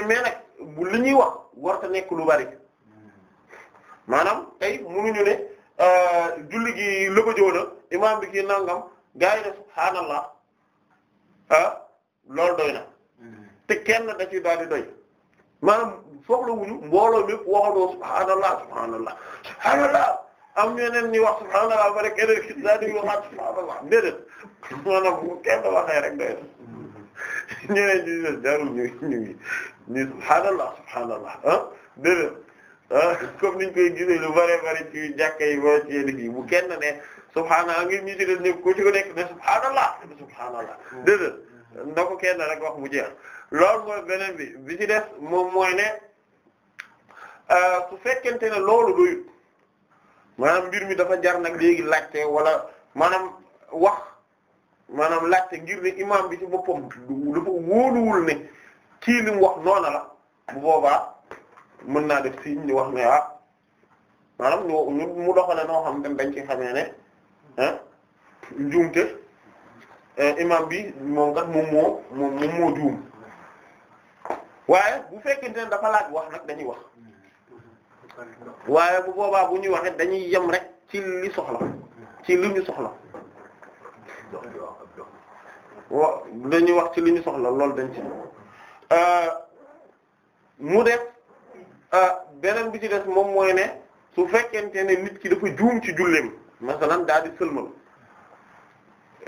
mais nag. li ñuy wax warta nekk lu bari maanaam tey munuñu ne euh, julli gi lëbëjoo na imaam bi kii nangam gaa ne subhaanallah ah loolu doy na te kenn da ci daal di doy maanaam soxla mbooloo mi waxandoo subhaanallah subhaanallah subhaanallah am ñeneen ñi wax subhaanallah ba rek keneen ki daal di ñeneen ñi des jarul ñu ñu ñu subhaanallah subhaanallah ah koy gisee lu bare bare ci jàkka yi wala bu kenn ne subhaanallah ngir ñu ci des ñëpp ku ci ko nekk ne subhaanallah subhaanallah dégg na kenn rek wax mu jeex loolu mooy beneen bi bi ci def moom mooy ne euh, su fekkente ne loolu doyut maanaam mbir mi dafa jar nag léegi laajte wala maanaam wax. maanaam laajte ngir ne imaam bi ci boppam dafa wóoluwul ne kii li mu wax noona la bu boobaa mën naa def signe di wax ne ah maanaam ñu mu doxale noo xam ne dañ ci xamee ne ah njuumte eh, imaam bi moom kat mu mu moom moom moo juum waaye bu fekkente ne dafa laaj wax nag dañuy wax waaye bu boobaa bu ñuy waxee dañuy yem rek ci li soxla ci li ñu soxla wa dañuy wax ci li ñu soxla loolu dañ ci euh, mu def euh, beneen bi ci des moom mooy ne su fekkente ne nit ki dafa juum ci julleem masalan daal di sëlmal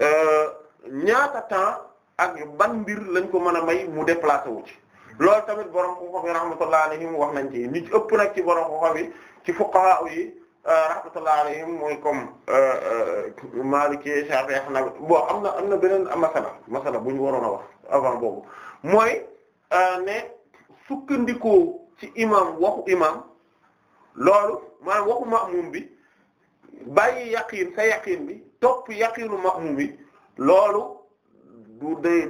euh, ñaata temps ak ban mbir lañ ko mën a may mu déplacé wu ci lool tamit borom ko xam yi rahmatullah alayhim wax nañ ci nit ci ëpp nag ci borom ko yi ci fuqaha yi Euh, rahmatullah alayhim mooy comme Maliki Shafi'i Hanafi am na am na beneen masala masala bu ñu waroon a wax avant boobu mooy euh, ne sukkandikoo ci imam waxu imam loolu maanaam waxu ma'mum bi bàyyi yaqiin sa yaqiin bi topp yaqiinu ma'mum bi loolu du day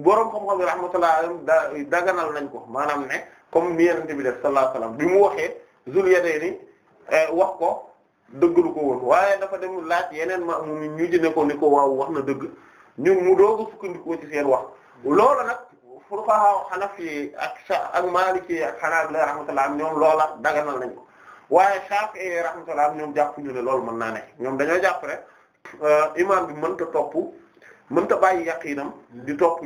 boroom xam-xam bi rahmatullah alayhim da daganal nañ ko maanaam ne comme ni Yonent bi def sallallahu alayhi wasallam bi mu waxee zul yadayni Eh, wax ko dëggalu ko woon waaye dafa dem laaj yeneen ma mu ñu ji ne ko ni wax na dëgg ñu mu dooga sukkandikoo ci seen wax loolu nag fuqaha hanafi ak ak maliki ak hanabila rahmatullah ñoom loola daganal nañ ko waaye shafi'i rahmatullah ñoom jàppuñu ne loolu mën naa ne ñoom dañoo jàpp rek eh, imam bi mënta topp mënta bàyyi yaqiinam di topp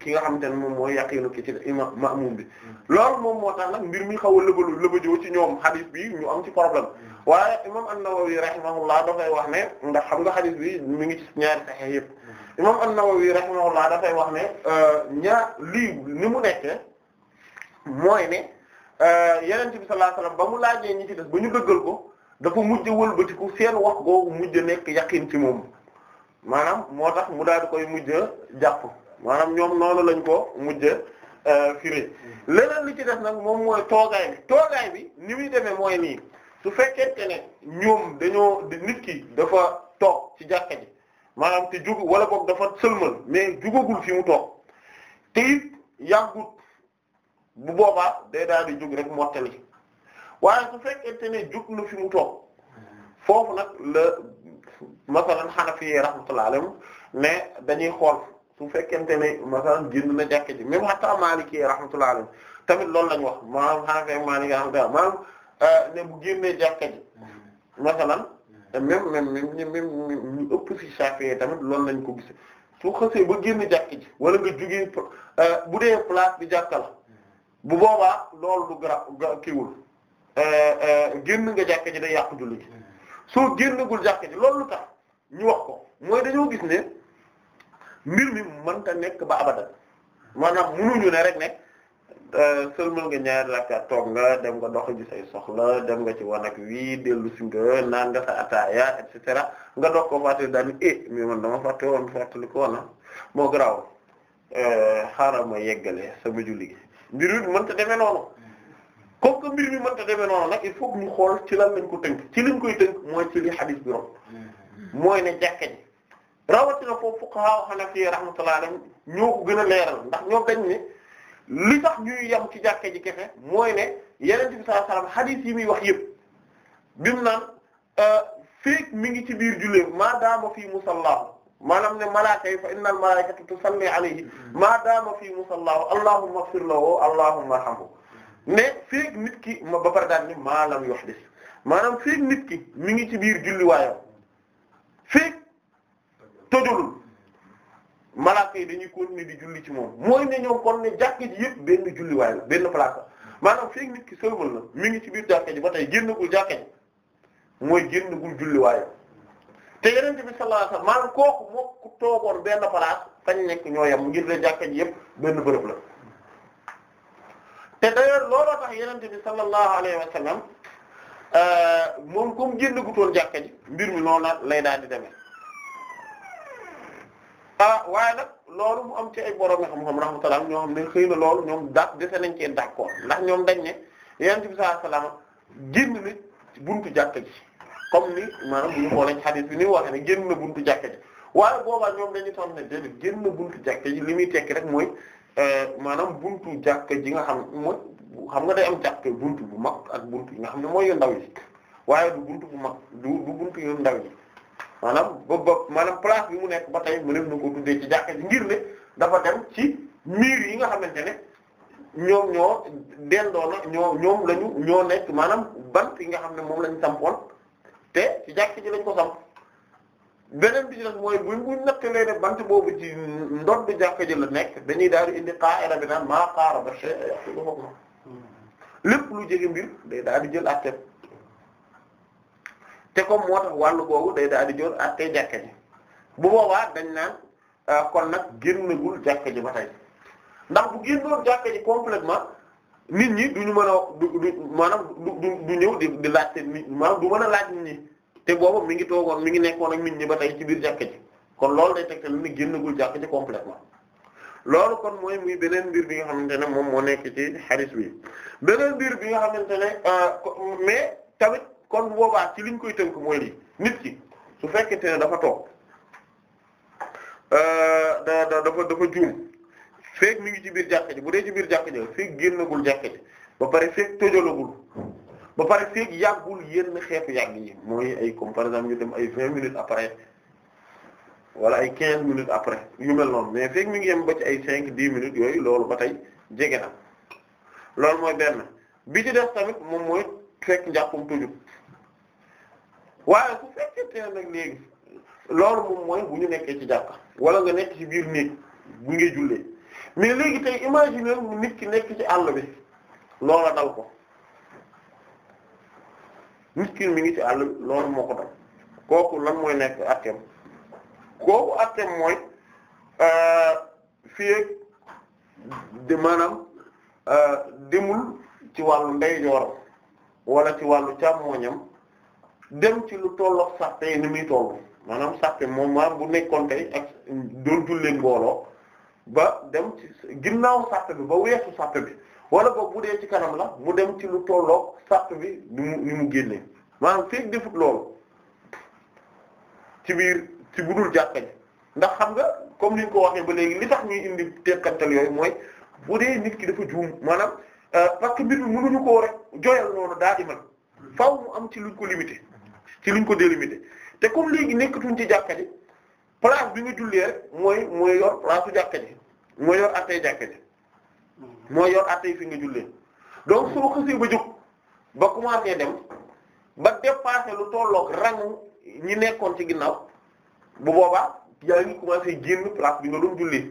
ki nga xamante ne moom mooy yaqiinu ki ci imam ma'mum bi loolu moom moo tax nag mbir mi xaw a lëbalu lëbajoo ci ñoom xadis bi ñu am ci problème waaye imam an-Nawawi rahimahullah dafay wax ne ndax xam nga xadis bi mi ngi ci ñaari saxex yëpp imam an-Nawawi rahimahullah dafay wax ne euh, ñaar lii ni mu nekkee mooy ne euh, yeneen bi sallallahu alayhi ba mu laajee ñi ci des ba ñu dëggal ko dafa mujj wëlbatiku seen wax googu mujj nekk yaqiin ci moom maanaam moo tax mu daal di koy mujj jàpp maanaam ñoom noonu lañ ko mujj euh, firi mm-hmm. leneen li ci def nag moom mooy toogaay bi toogaay bi ni muy demee mooy nii su fekkee fekkente ne ñoom dañoo nit ki dafa toog ci jàkka ji maanaam te jug wala boog dafa sëlmal mais jugagul fi mu toog te it yàggut bu boobaa de daal di jug rek mottali waaye su fekkente ne jug na fi mu toog mm-hmm. foofu nag la. masalan Hanafi yi rahmatullahi alayhim ne dañuy xool su fekkente ne masalan génn na jàkka ji même hatta Maliki yi rahmatullahi alayhim tamit loolu lañ wax maanaam Hanafi ak Maliki rahmatullahi maanaam euh, ne bu génnee jàkka ji masalan même même même même ñu ëpp ci Shafi'i tamit loolu lañ ko gise su xasee ba génn jàkka wala nga jugee euh, bu dee place bi jàkka la bu boobaa loolu du gara kiiwul euh, génn nga jàkka ji day yàqu julli gi soo génnagul jàkka ji loolu tax ñu wax ko mooy dañoo gis ne mbir mi mënta nekk ba abadan maanaam munuñu ne rek ne euh, seulement nga ñaari rakka toog nga dem nga dox ji say soxla dem nga ci wanak wii dellu si nga naan nga sa ataaya et cetera nga dox ko fàttali daal eh mais man dama fàtte woon fàttali ko woon ah. moo garaaw euh, xaaral ma yeggale sama julli gi mbir mi mënta demee noonu. comme que mbir mi mënta deme noonu na il faut ñu xool ci lan lañ ko tënk ci liñ koy tënk mooy ci li xadis bi rom mooy ne jàkka ji rawatina foofu fuqaha hanafi rahmatullah alayhim ñoo ko gën a leeral ndax ñoo dañ ne li tax ñuy yem ci jàkka ji kefe mooy ne yeneen bi sallallahu alayhi xadis yi muy wax yëpp bimu naan euh, feek mi ngi ci biir jullee maa daama fii musallaahu maanaam ne malaaka yi fa innal malaikata tusalli alayhi maa daama fii musallaahu allahumma ighfir lahu allahumma arhamhu ne feek nit ki ma ba pare daal ni maalam yox des maanaam feek nit ki mi ngi ci biir julliwaayam feek tojulul malaaka yi dañuy continuer di julli ci moom mooy ne ñoom kon ne jàkka ji yëpp benn julliwaay la benn place la maanaam feek nit ki sëlmal na mi ngi ci biir jàkka ji ba tey génnagul jàkka génnagul julliwaayam te yeneen bi sallallahu alayhi wasallam maanaam kooku moo ku toogoon benn place fañ nekk ñoo yam ngir ne jàkka ji yëpp benn bërëb la. te d'ailleurs looloo tax yenente bi sallallahu alayhi wa sallam euh, moom comme génn gutoon jàkka ji mbir mi noonu la lay daal di demee ah waaye nag loolu mu am ci ay borom xam-xam rahmatullah ñoo xam ne xëy na lool ñoom daat dese nañ cee d'accord ndax ñoom dañ ne yenente bi sallallahu alayhi wa sallam génn na buntu jàkka ji comme ni maanaam bu ñu bi ni mu waxee ne na buntu jàkka ji waaye boobaa ñoom dañu toog ne déedéet génn na buntu jàkka ji li muy tekki rek mooy Euh, maanaam buntu jàkk ji nga xam mooy xam nga day am jàkk bunt bu mag ak bunt yi nga xam ne mooy yu ndaw yi waaye du bunt bu mag du du buntu yu ndaw yi maanaam ba ba maanaam place bi mu nekk ba tey mënef na ko tuddee ci jàkk ji ngir ne dafa dem ci miir yi nga xamante ne ñoom ñoo dendoona ñoo ñoom lañu ñoo nekk maanaam bant yi nga xam ne moom lañu sampoon te ci jàkk ji lañ ko samp beneen bi ci nag mooy buñ buñ nattalee ne bant boobu ji ndox du jàkka ji la nekk dañuy daal di indi qaa'ida bi naan maa qaaraba shay'a yahjuruhu lépp lu jege mbir day daal di jël àtte te comme moo tax wàllu boobu day daal di jël àtte jàkka ji bu boobaa dañ naan euh, kon nag na génnagul jàkka ji ba tey ndax bu génnoon jàkka ji complètement nit ñi duñu mën a du du maanaam du du ñëw di di laajte nit maanaam du mën a laaj nit ñi. te boobu mi ngi toogoon mi ngi nekkoon ak nit ñi ba tey ci biir jàkka kon loolu day tegtal ni génnagul jàkka ji complètement loolu kon mooy muy beneen mbir bi nga xamante ne moom moo nekk ci hadith bi beneen mbir bi nga xamante ne euh, mais tamit kon boobaat ci liñ koy tënk mooy lii nit ki su fekkente ne dafa toog euh, da da dafa dafa juum feek mi ngi ci biir jàkka ji bu dee ci biir jàkka ji feek génnagul jàkka ba pare feek tojalagul ba pare feeg yàggul yenn xeetu yàgg yi mooy ay comme par exemple ñu dem ay vingt minutes après wala ay quinze minutes après yu mel noonu mais feeg mu ngi yem ba ci ay cinq dix minutes yooyu loolu ba tey jege na loolu mooy benn bi ci def tamit moom mooy fekk njàppam tujub waaye su fekkee nag léegi loolu moom mooy bu ñu nekkee ci jàkka wala nga nekk ci biir néeg bu ngay jullee mais léegi tey imaginer nit ki nekk ci àll bi loola dal ko miskin mi ngi ci àll loolu moo ko dal kooku lan mooy nekk atteem kooku atteem mooy euh, fii ak di maanaam euh, demul ci wàllu ndeyjooram wala ci wàllu càmmooñam dem ci lu tollook sàppe yi ni muy tollu maanaam sàppe moom maanaam bu nekkoon tey ak doon jullee mbooloo ba dem ci ginnaaw sàppe bi ba weesu sàppe bi wala boog bu dee ci kanam la mu dem ci lu tolloog sàpp bi ni mu ni mu génnee maanaam feeg defut loolu ci biir ci bu dul jàkka ndax xam nga comme ni ñu ko waxee ba léegi li tax ñuy indi tekkantal yooyu mooy bu dee nit ki dafa juum maanaam euh, parce que mbir mi mënuñu koo rek joyal noonu daa di mën faw mu am ci luñ ko limité ci luñ ko délimité te comme léegi nekkatuñ ci jàkka ji place bi nga jullee rek mooy mooy yor place su jàkka ji mooy yor attee mooy yor attey fi nga jullee donc soo xësee ba jóg ba commencé dem ba dépassé lu tolloog rangu ñi nekkoon ci ginnaaw bu boobaa yaa ngi commencé génn place bi nga doon jullee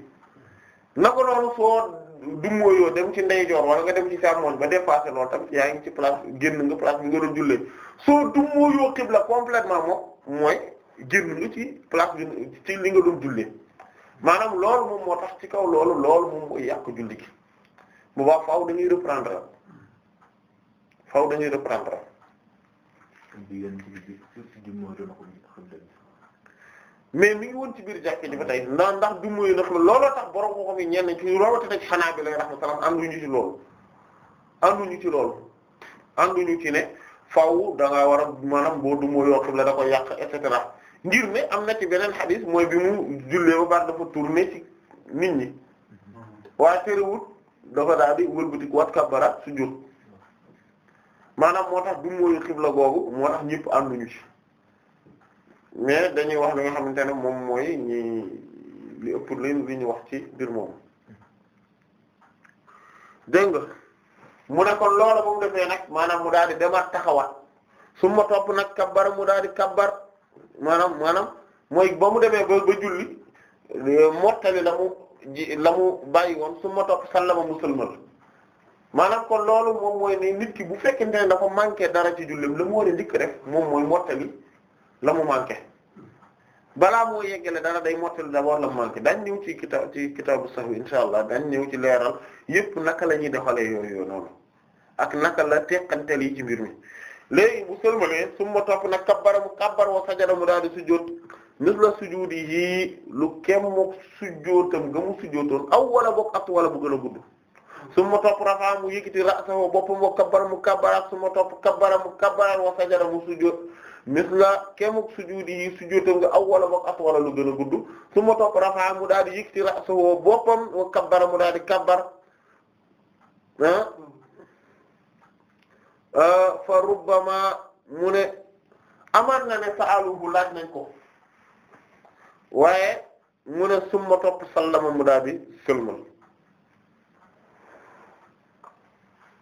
na ko noonu soo dummóoyoo dem ci ndeyjoor wala nga dem ci càmmoñ ba dépassé loolu tamit yaa ngi ci place génn nga place bi nga doon jullee soo dummóoyoo xibla moom mooy génn nga ci place bi ci li nga doon maanaam loolu moom moo tax ci kaw loolu loolu moom mooy yàq julli ki bu baax faaw dañuy reprendre faaw dañuy reprendre mais mu ngi woon ci biir jàkk ji tey ndax ndax du mooy ndax looloo tax borom ko xam ñenn ci rawatina ci xanaa bi lay rahmatullah ànduñu ci loolu ànduñu ci loolu ànduñu ci ne faaw da war a maanaam boo du mooy yoo xam da koy yàq et cetera ngir ne am na ci beneen xadis mooy bi mu jullee ba baax dafa tourné ci nit ñi waaye terewul. dafa daal di wëlbatiku wat kabbara sujjóot maanaam moo tax du mooyu xibla googu moo tax ñëpp ànduñu ci mais dañuy wax li nga xamante ne moom mooy ñi li ëpp leen li ñu wax ci mbir moom dégg nga mu ne kon loola ba mu defee nag maanaam mu daal di demaat taxawaat su ma nag kabbar mu daal di kabbar maanaam maanaam mooy ba mu demee ba ba julli mottali la mu ji la mu bàyyi woon su ma topp la musulmal maanaam kon loolu moom mooy ni nit ki bu fekkente ne dafa manqué dara ci julleem la mu war a njëkk rek moom mooy mottali la mu manqué balaa moo yeggale dara day mottali d'abord la mu manqué dañ ñëw ci kitaab ci kitaabu sahwi insha allah dañ ñëw ci leeral yépp naka la ñuy doxalee yooyu noonu ak naka la teqantel yi ci mbir mi léegi bu sëlmalee su ma topp nag kabbara mu wa sajada daal sujjóot misla sujuudihi lu kemuk sujjootam ga mu sujjootoon aw wala boog at wala bu gën a gudd su ma topp rafaa mu yëkkati ra'sahu boppam wa kabbara mu kabbaraat su ma topp kabbara mu kabbaraat wa sajada mu sujjoot misla kemuk sujuudihi sujjootam ga aw wala boog at wala lu gën a gudd su ma topp rafaa mu daal di yëkkati ra'sahu boppam wa kabbara mu daal di kabbar ah, ah fa rubbama mu ne amaat na ne sa'aluhu laaj nañ ko. waaye mu ne summa topp sallama mu daal di sëlmal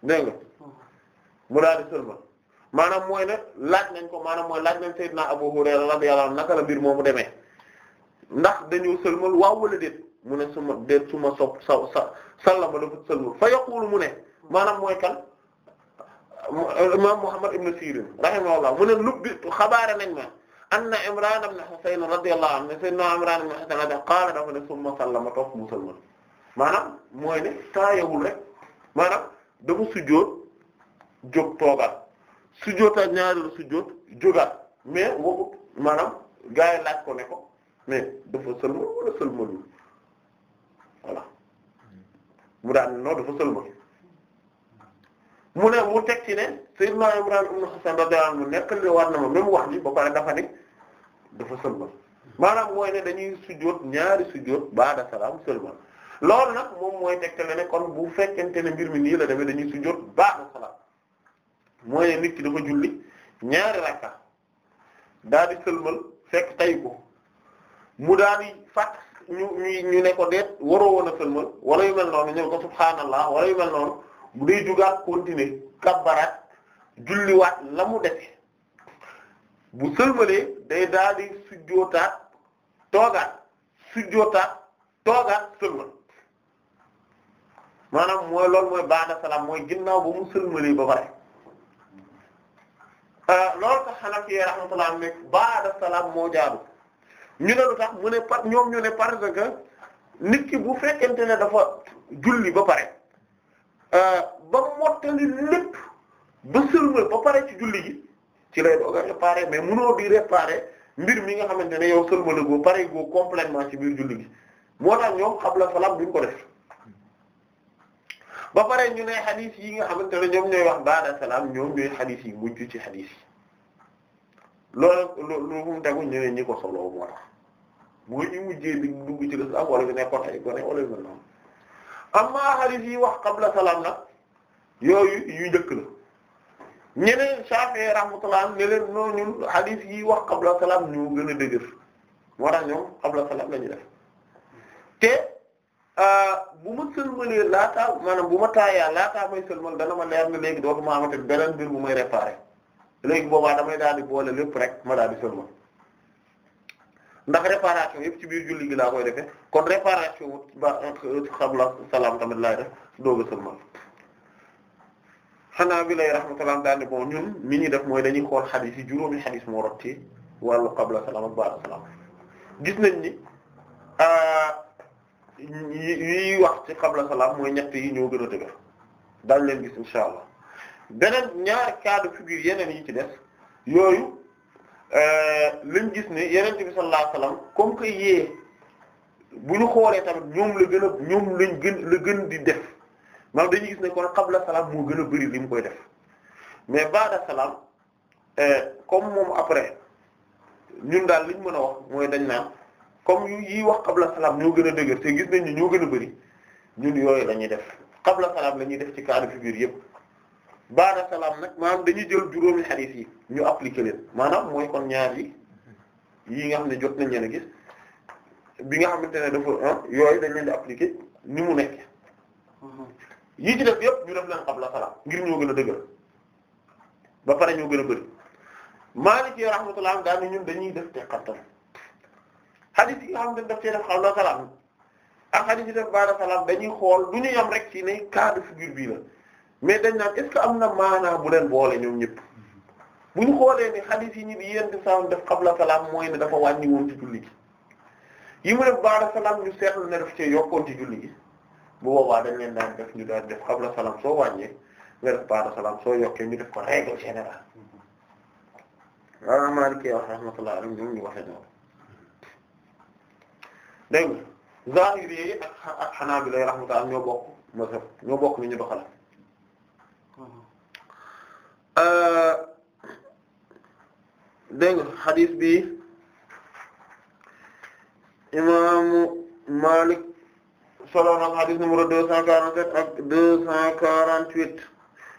dégg nga mu daal di sëlmal mooy ne laaj nañ ko maanaam mooy laaj nañ Seydina Abu Hurayra radiyallahu anhu naka la mbir moomu demee ndax dañoo sëlmal waaw wala déet mu ne suma déet suma sopp sa sa sallama dafa sëlmal fa yaqulu mu ne maanaam mooy kan imam Muhammad ibn Sirin rahimahullah mu ne lubbi xabaare nañ ma anna Imran ibn Husayn radiyallahu anhu sayyidina Imran ibn Husayn qaala dafa ne summa sallama toog musalman mooy ne taayawul rek maanaam dafa sujjóot jóg toogaat sujjóotaat ñaareelu sujjóot jógaat mais waxut maanaam gaa yi laaj ko ne ko mais dafa sëlmal wala sëlmalul voilà mu daan non dafa sëlmal mu ne mu teg ci ne Seydina Imran ibn Hasan radiyallahu anhu nekk li war na ma même wax ni ba pare dafa ne dafa sëlmal maanaam mooy ne dañuy sujjóot ñaari sujjóot baada salaam sëlmal loolu nag moom mooy tegtale ne kon bu fekkente ne mbir mi nii la demee dañuy sujjóot baada salaam mooy ne nit ki dafa julli ñaari rakka daal di sëlmal fekk tay ko mu daal di fàtt ñu ñu ñu ne ko deet waroo woon a sëlmal wala yu mel noonu ñu ko subhaanallah wala yu mel noonu bu dee jugaat continuer kabbaraat julliwaat la mu defe bu sëlmalee day daal di sujjootaat toogaat sujjootaat toogaat sëlmal maanaam mooy loolu mooy baada salaam mooy ginnaaw ba mu sëlmalee ba pare euh, loolu tax Hanafi rahmatullah am ne baada salaam moo jaadu ñu ne lu tax mu ne par ñoom ñu ne parce que nit ki bu fekkente ne dafa julli ba pare Euh, ba mottali lépp ba sëlmal ba pare ci julli gi ci lay doog a mais mënoo di réparé mbir mi nga xamante ne yow sëlmala goo pare goo complètement ci biir julli gi moo tax ñoom xabla salaam duñ ko def ba pare ñu ne xadis yi nga xamante ne ñoom ñooy wax baada salaam ñoom ñooy xadis yi mujj ci xadis yi loolu loolu fu mu tegu ñu ne ñi ko solo moo tax mooy ñu mujjee di dugg ci a wala ñu nekkoon ay gone wala ñu mel noonu amma hadith yi wax qabla salaam nag yooyu yu njëkk la ñeneen Shafi'i rahmatullah ne leen noo ñun hadith yi wax qabla salaam ñu gën a dëgër moo tax ñoom qabla salaam la ñu def te euh, bu ma sëlmalee laataa maanaam bu ma taayaa laataa may sëlmal dana ma leer ne léegi dootuma amati beneen mbir bu may réparer léegi boobaa damay daal di boole lépp rek ma daal di sëlmal ndax réparation yëpp ci biir julli gi laa koy defee kon réparation ba xabla salaam tamit laay def dooga sëlmal xanaa bi lay rahmatullah daal ne ñun mi ñuy def mooy dañuy xool xadis yi juróomi xadis moo rot ci wàllu xabla salaam ak ba'da salaam gis nañ ni ah, yi wax ci xabla salaam mooy ñett yi ñoo gën a dëgër daal leen gis insha allah beneen ñaar cas de figure yeneen yi ci des yooyu Euh, lañ gis ne yeneen bi sallallahu alayhi wasallam comme que yee bu ñu xoolee tamit ñoom la gën a ñoom lañ gën la gën di def maanaam dañu gis ne kon qabla salaam moo gën a bari li mu koy def mais ba'da salaam euh, comme moom après ñun daal liñ mën a wax mooy dañ naan comme yu yi wax xab la salaam ñoo gën a dëgër te gis nañ ni ñoo gën a bëri ñun yooyu la ñuy def qabla salaam la ñuy def ci cadre fi biir yépp baada salaam nag maanaam dañuy jël juróomi xadiis yi ñu appliquer leen maanaam mooy kon ñaar yi yi nga xam ne jot nañ leen a gis bi nga xamante ne dafa ah, yooyu dañ leen di appliquer mu nekk yi ci def yëpp ñu def leen qabla salaam ngir ñoo gën a dëgër pare ñoo gën a bëri Maalik rahmatullah daa ne ñun dañuy def teqantal xadiis yi nga xam ne daf cee def qabla salaam ak xadiis yi def baada salaam dañuy xool du ñu yam rek ci ne cas de gir bii la. mais dañ naan est-ce que am na maanaa bu leen boole ñoom ñëpp bu ñu xoolee ni xadiis yi ñu di yéen di saam def qabla salaam mooy ne dafa wàññi woon ci julli gi yi mu def baada salaam ñu seetlu ne daf cee yokkoon ci julli gi bu boobaa dañ leen daan def ñu daan def qabla salaam soo wàññee nga def baada salaam soo yokkee ñu def ko règle générale waaw Maalikee wax rahmatullah alayhi ñoom ñu waxee noonu dégg nga zahiri yi ak ak Hanaabila rahmatullah ñoo bokk mazhab ñoo bokk ñu doxal Euh, dégg nga xadis bi imaamu Malik solo na xadis numéro deux cent quarante-sept ak deux cent quarante-huit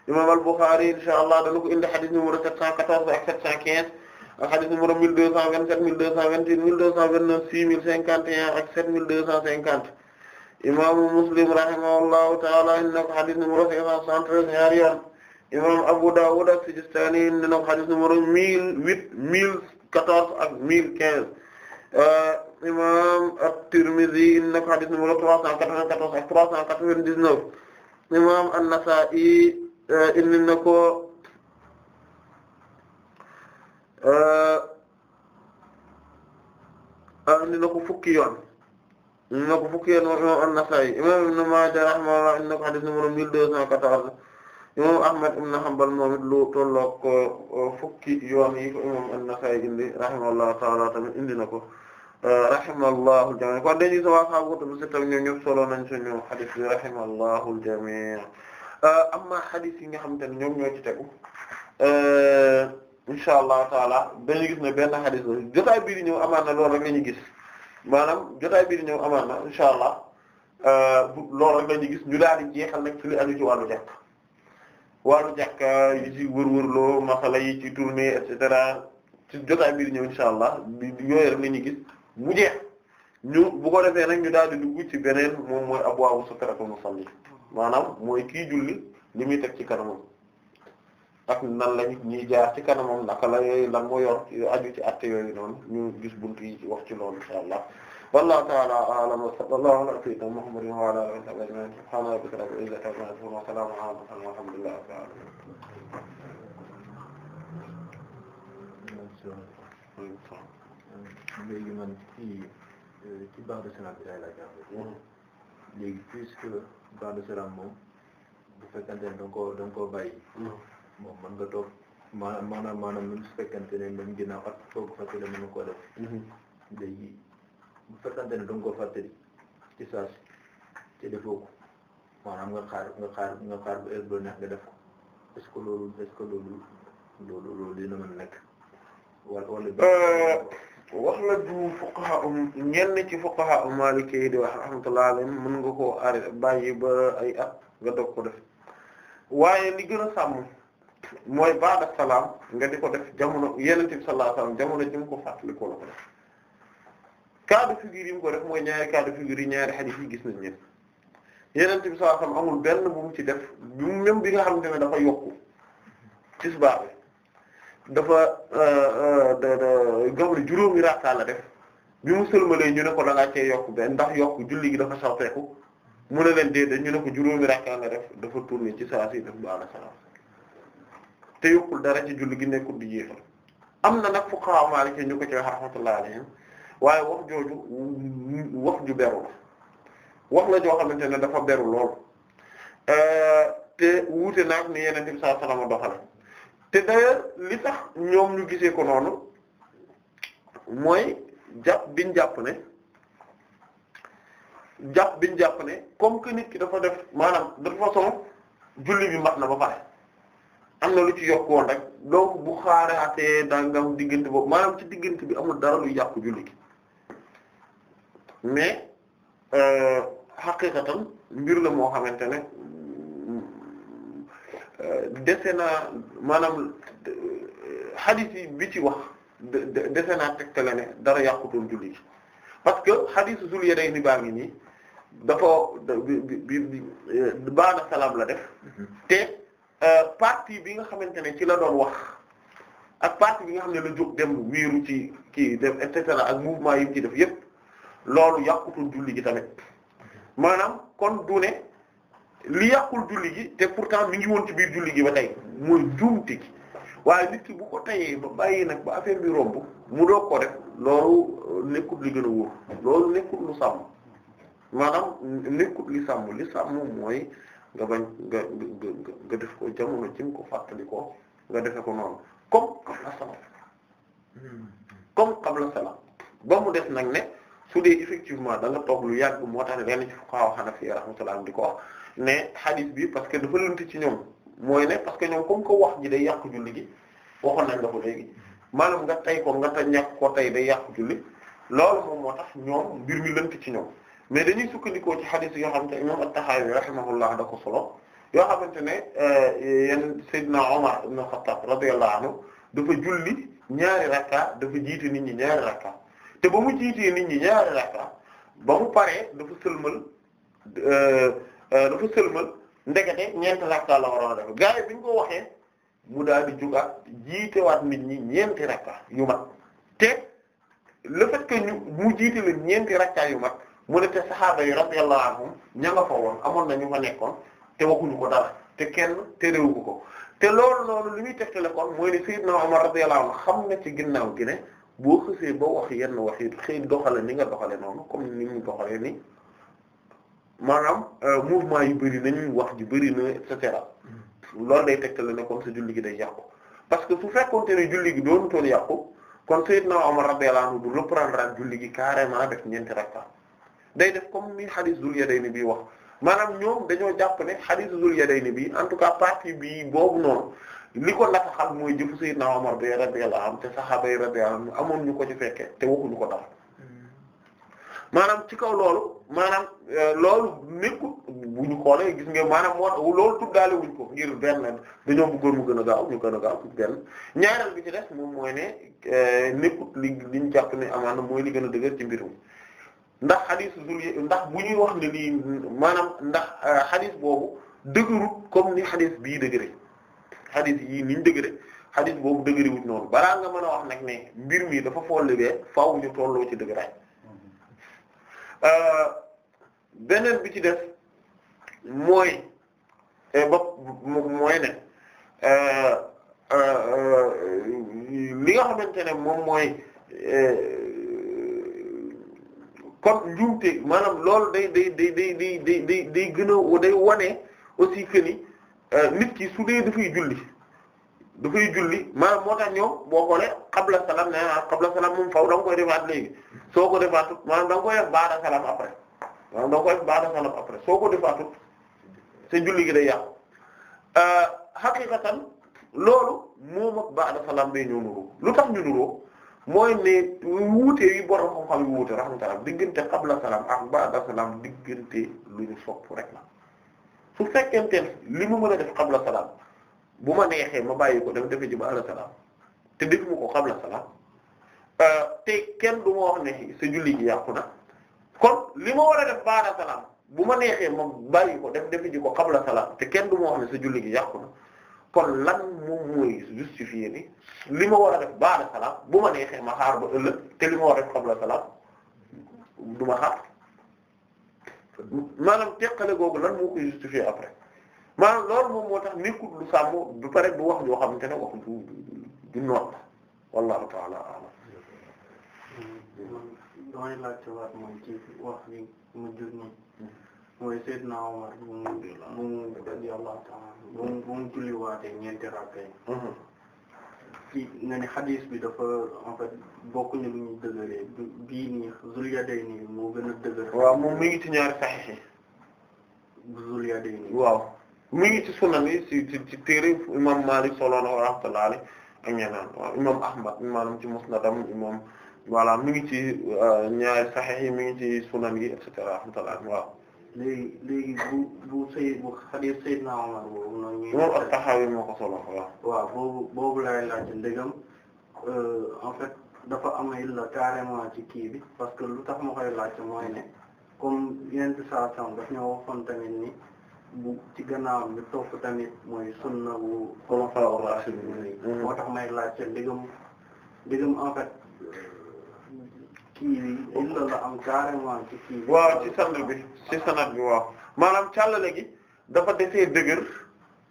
imam al-Bukhari inshallah dana ko indi xadis numéro sept cent quatorze ak sept cent ak xadis numéro ak imaamu Muslim rahimahullahu taala indi xadis numéro cinq ñaari yoon imam Abu Dawud as-Sijistani indi na xadis numéro mille huit mille quatorze ak mille quinze euh, imam at-Tirmidhi indi na xadis numéro trois cent quatre-vingt-quatorze ak trois cent quatre-vingt-dix-neuf imam an-Nasa'i euh, indi euh, ko fukki yoon indi ko fukki yoon imam an-Nasa'i imam Ibn Majah rahimahullah indi ko xadis numéro mille deux cent quatorze imam Ahmad ibn Hanbal moom it lu tollook uh, uh, fukki yoon yi ko imam An-Nasa'i indi rahimahullahu ta'ala tamit indi na ko uh, rahimallahu al-jami' kon dañuy sa nañ suñu hadith bi rahimallahu al-jami' amma hadith yi nga xamante ne ñoom ñoo ci tegu insha allahu taala dañu gis ne benn hadith la jotaay bii ñëw amaan na loolu rek maanaam jotaay bii di ñëw amaan na insha allah bu loolu rek ñu gis ñu daal di jeexal nag ci li aju wàllu jàkka yi ci wërwërloo masala yi ci tournée et cetera ci jotaay bi di ñëw insha allah bi yooyu rek la gis mu jeex ñu bu ko defee nag ñu daal di dugg ci beneen moom mooy abwaabu sutratul musalli maanaam mooy kii julli li muy teg ci kanamam ak nan lañ ñuy jaar ci kanamam naka la yooyu lan moo aju ci atte yooyu noonu ñu gis buntu yi ci wax ci lool insha allah wallahu ta'ala a'lam wa sallallahu ala sayyidina Muhammadin wa ala alihi wa sahbihi ajma'in subhana rabbika rabbil izzati amma yasifun wa salamun ala al-mursalin walhamdulillahi rabbil alamin léegi man ci ci ba'du salaam bi lay laaj léegi puisque ba'du salaam moom bu fekkante ne da nga koo da nga koo bàyyi moom mën nga toog maanaam maanaam même su fekkante ne même ginnaaw at foog fàttali mën nga koo def léegi bu fekkante ne danga ko fàttali ci saas te defoo ko maanaam nga xaar nga xaar nga xaar bu egg nga def ko est ce que loolu est ce loolu loolu dina mën nekk wala wala euh, wax la du fuqaha um ñenn ci fuqaha um maliki yi di wax rahmatullahi alayhim nga koo arrêté bàyyi ba ay at nga dog ko def waaye li gën a sàmm mooy ba'da salaam nga di ko def jamono Yonent bi sallallahu alayhi jamono ji mu ko fàttali ko la ko def cas de figure yi mu ko def mooy ñaari cas de figure yi ñaari xadis yi gis nañ leen yeneen bi sallallahu alayhi wasallam amul benn bu mu ci def bu même bi nga xamante ne dafa yokku tisbaar bi dafa euh, euh, gablu juróomi def bi mu sëlmalee ñu ne ko da ngaa cee ndax yokk julli gi dafa soppeeku mu ne leen déedéet ñu ne ko juróomi rakka nga def dafa tourné ci saa si def baala salaam te yokkul dara ci julli gi nekkul di jeexal am na nag fuqaha Maliki ñu ko ci rahmatullah alayhim waaye wax jooju wax ju beru la wax la joo xamante ne dafa beru lool euh, te wuute naag ni yeneen bi saa salama doxale te d'ailleurs li tax ñoom ñu gisee ko noonu mooy jàpp biñ jàpp ne jàpp biñ jàpp ne comme que nit ki dafa def maanaam de toute façon julli bi mat na ba pare am na lu ci yokk woon rek donc bu xaaraatee danga diggante boobu maanaam ci diggante bi amul dara lu yàqu julli gi mais euh, xaqiqatan mbir la moo xamante ne euh, dese naa maanaam hadith yi bi ci wax dese naa tegtale ne dara yàqutul julli parce que hadith zul ni baa ngi nii dafa bi bi euh, baana salaam la def mhm. te partie bi nga xamante ne ci la doon wax ak partie bi nga xam ne la jóg dem wiiru ci kii dem et ak mouvement yi ci def yépp loolu yàqutul julli gi tamit maanaam kon du ne li yàqul julli gi te pourtant mi ngi woon ci biir julli gi ba tey mooy juumte gi waaye nit ki bu ko tayee ba bàyyi nag ba affaire bi romb mu doo ko def loolu euh, nekkut li gën a wóor loolu nekkut lu sàmm maanaam nekkut li sàmm li sàmm mooy nga bañ nga nga nga def ko jamono jëm ko fàttali ko nga defe ko noonu comme qabla salaam hmm. ba mu def nag ne su dee effectivement da nga toog lu yàgg moo tax ne leen ci fuqaha Hanafi rahmatullah di ko wax ne hadith bi parce que dafa lënt ci ñoom mooy ne parce que ñoom comme ko wax ji day yàq julli gi waxoon nañ nga ko nga tay ko nga ta ñàkk ko tay day yàq julli loolu moom moo tax ñoom mbir mi lënt ci ñoom mais dañuy sukkandikoo ci hadith yoo xam ne imam at-Tahawi rahimahullah da ko solo yoo xamante ne euh, yenn Seydina Omar ibn Khattab radiyallahu anhu dafa julli ñaari rakka dafa jiite nit ñi ñaari rakka te ba mu jiitee nit ñi ñaari rakka ba mu paree dafa sëlmal euh, euh, dafa sëlmal ndekete ñeenti rakka la waroon a def gars bi ñu ko waxee mu daal di jiite waat nit ñi ñeenti rakka yu mag te le fait ñu mu jiite leen ñeenti rakka yu mag mu ne te yi radiyallahu anhum ña nga fa woon amoon na ñu fa nekkoon te waxuñu ko dara te kenn terewu ko ko te loolu loolu li muy tegtale kon mooy ne Sayyidna Umar radiyallahu anhu xam na ci ginnaaw gi ne. boo xësee ba wax yenn wax yi xëy doxale ni nga doxale noonu comme ni mu doxale ni maanaam euh, mouvement yu bëri nañu wax ji bëri na et cetera mm. loolu day tegtale ne comme sa julli gi day yàqu parce que su fekkoonte ne julli gi doonu toon yàqu kon Seydina Omar radiyallahu anhu du reprendre ak julli gi carrément def ñeenti rakka day def comme ni hadith Zul Yadayni bii wax maanaam ñoom dañoo jàpp ne hadith Zul Yadayni bi en tout cas partie bii boobu noonu li ko ndax xam mooy jëfu Seydina Omar bi radiyallahu anhu te saxaaba yi radiyallahu anhu amoon ñu ko ci fekkee te waxuñu ko dara hmm. maanaam ci kaw loolu maanaam euh, loolu nekkul bu ñu xoolee gis nga maanaam moo loolu tuddaale wuñ ko ngir benn dañoo bëggoon mu gën a ñu gën a gaaw benn ñaareel bi ci def moom mooy ne euh, nekkut li li ñu jàpp ne amaana mooy li gën a dëgër ci mbirum ndax xadis ndax bu ñuy wax ne lii maanaam ndax euh, xadis boobu dëgërut comme ni xadis bii dëgëre. xadis yii niñ dëgëre xadis boobu dëgëriwut noonu balaa nga mën a wax nag ne mbir mii dafa folli bee faaw ñu tolloo ci dëgëraay euh, beneen bi ci def mooy eh, ba mooy ne euh, euh, li nga xamante ne moom mooy kon njuumte maanaam loolu day day day day day day day gën a day wane aussi que Euh, nit ki su dee dafay julli dafay julli maanaam moo tax ñoom boo xoolee qabla salaam nee naa qabla salaam moom faw da koy defaat léegi soo ko defaatut maanaam da nga koy def baada salaam après soo ko defaatut sa julli gi day yàqu euh, xaqiqatan loolu moom ak baada salaam day ñëw nuroo lu tax ñu nuroo mooy ne wuute yi borom xam-xam yi wuute rahmatullah diggante qabla salaam ak baada salaam diggante lu ñu sopp rek su fekkente li mu mën a def qabla salaam bu ma neexee ma bàyyi ko dem defe ji ba ala salaam te defuma ko qabla euh, te kenn du ma wax ne sa julli gi yàqu na kon li ma war a def baada salaam bu ma neexee ma bàyyi ko def defe ji ko qabla salaam te kenn du ma wax ne sa julli gi yàqu na kon lan moom mooy justifier ni li ma war a def baada salaam bu ma neexee ma xaar ba ëllëg te li ma war a def qabla salaam du ma maanaam teqale googu lan moo koy justifier après maanaam loolu moom moo tax nekkul lu sàmm du pare du wax yoo xamante ne wax du du noot la wallahu ta'ala a'lam. damay laajte waat mooy ci wax bi mu jur nii mooy Seydina Omar bu mu bu mu radiyallahu ta'ala bu mu julli fii nga ne xadis bi dafa en fait bokkuñu lu ñuy dëgëree bii nii Zul Yadayni moo gën a dëgër. waaw moom mi ngi ci ñaari Sahih yi. Zul Yadayni. waaw mi ngi ci sunan yi ci ci ci téere Maalik solo na wa rahmatullahi alayhi ak ñeneen waaw Ahmad maanaam ci musnadam imaam voilà mi ngi ci euh, ñaari Sahih yi mi ngi ci sunan yi et cetera léegi léegi bu bu Seydou bu xadis Seydina Omar boobu noonu. boobu ak taxaw yi moo ko solo waaw. boobu boobu laay laajte ndegam euh, en fait dafa am illa carrément ci kii bi parce que lu tax ma koy laajte mooy ne comme yenn saa sàn daf ñoo waxoon tamit ni ci gannaawam ñu topp tamit mooy sunna bu. xulafaa ar-raashidiin moo tax may laajte ndegam ndegam en fait. kii bi illa la am bi waaw ci sanad bi ci sanad bi waaw maanaam càllale gi dafa desee dëgër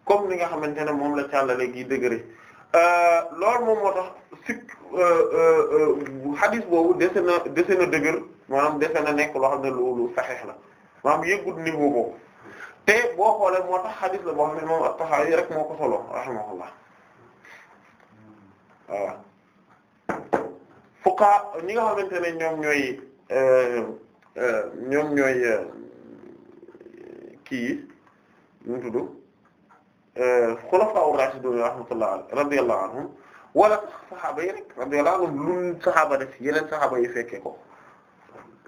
comme ni nga xamante ne moom la càllale gi dëgëre euh, loolu moom moo tax sikk xadis euh, euh, boobu dese na dëgër maanaam dese na nekk loo xam ne loolu saxeex la maanaam yëggut niveau boobu te boo xoolee moo tax xadis la boo xam ne moom at-Tahawi rek moo ko solo rahimahullah waaw fuqaha ñi nga xamante ne ñoom ñooy euh, euh, ñoom ñooy euh, kii ñu tudd xulafa'ur rashidun rahmatullah radiyallahu anhum wala saxaaba yi rek radiyallahu anhum luñ saxaaba def yeneen saxaaba yi fekkee ko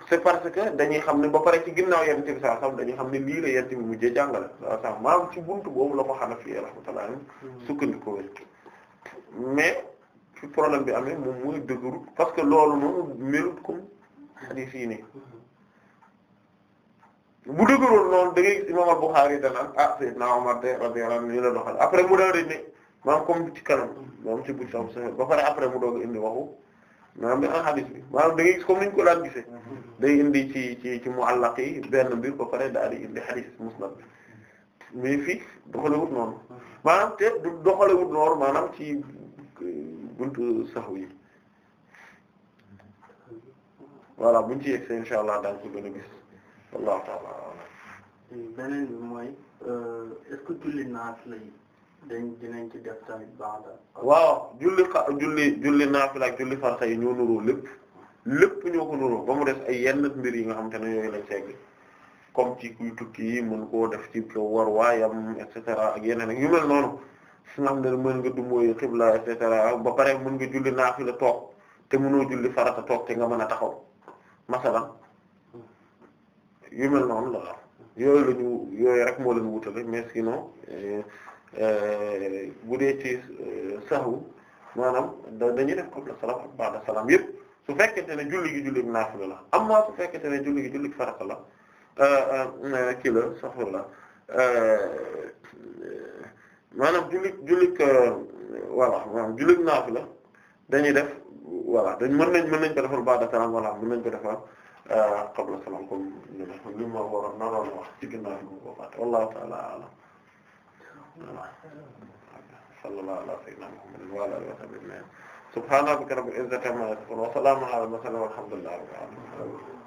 c'est parce que dañuy xam ni ba pare ci ginnaaw yonent bi sallallahu alayhi wasallam dañuy xam ne lii la yonent bi mujjee jàngale sallallahu alayhi wasallam maanaam ci buntu boobu la ko Hanafi rahmatullah mm-hmm. sukkandiku mais fi problème bi amee moom mooy dëgërut parce que loolu moom melut comme hadith yi nii bu dëgëroon noonu da ngay imam al-Bukhari ah, de radiyallahu anhu ñu la doxal après mu daal di ne maam comme ci kanam moom ci buñ sam sa ba pare après mu doog indi waxu maanaam bi en hadith bi maanaam comme niñ ko daan gise day indi ci ci ci muallaq yi benn mbir ba pare daal di indi hadith musnad bi mais fii doxalewut noonu maanaam te du doxalewut noonu maanaam ci buntu saxu yi voilà buñ ci yegg insha allah daal ko gën a mooy euh, est-ce que julli naafila yi dañ dinañ ci def tamit ba'da waaw julli xa julli julli naafila ak julli nuroo lépp lépp ñoo ko nuroo ba mu des ay yenn mbir yi nga xam te ne yooyu lañ segg comme ci kuy tukki yi mën koo def ci kaw war waayam et cetera ak yeneen ak yu mel noonu fi nga xam ne mën nga dumóoyu xibla et cetera ba pare mën nga julli naafila toog te mënoo julli farata toog te nga mën a taxaw masalan yu mel noonu la yooyu la ñu yooyu rek moo leen wutale mais sinon eh, eh, bu dee ci eh, saxu maanaam dañuy def qabla salaam ak ba'da salaam yëpp su fekkente ne julli gi julli naafila la amma su fekkente ne julli gi julli farata la kii la saxu la maanaam jullit jullit euh, voilà waaw jullit naafila dañuy def voilà dañ mën nañ mën nañ ko defal ba'da salaam wala mën nañ ko defal euh, qabla salaam comme li ma waroon naroon wax ci ginnaaw bi ma ko fàtte wallahu ta'ala a'lam sallallahu ala sayyidina Muhammadin wa ala alihi wa sahbihi subhana rabbika rabbil izzati amma yasifun wa salamun ala al mursalin walhamdulillahi rabbil alamin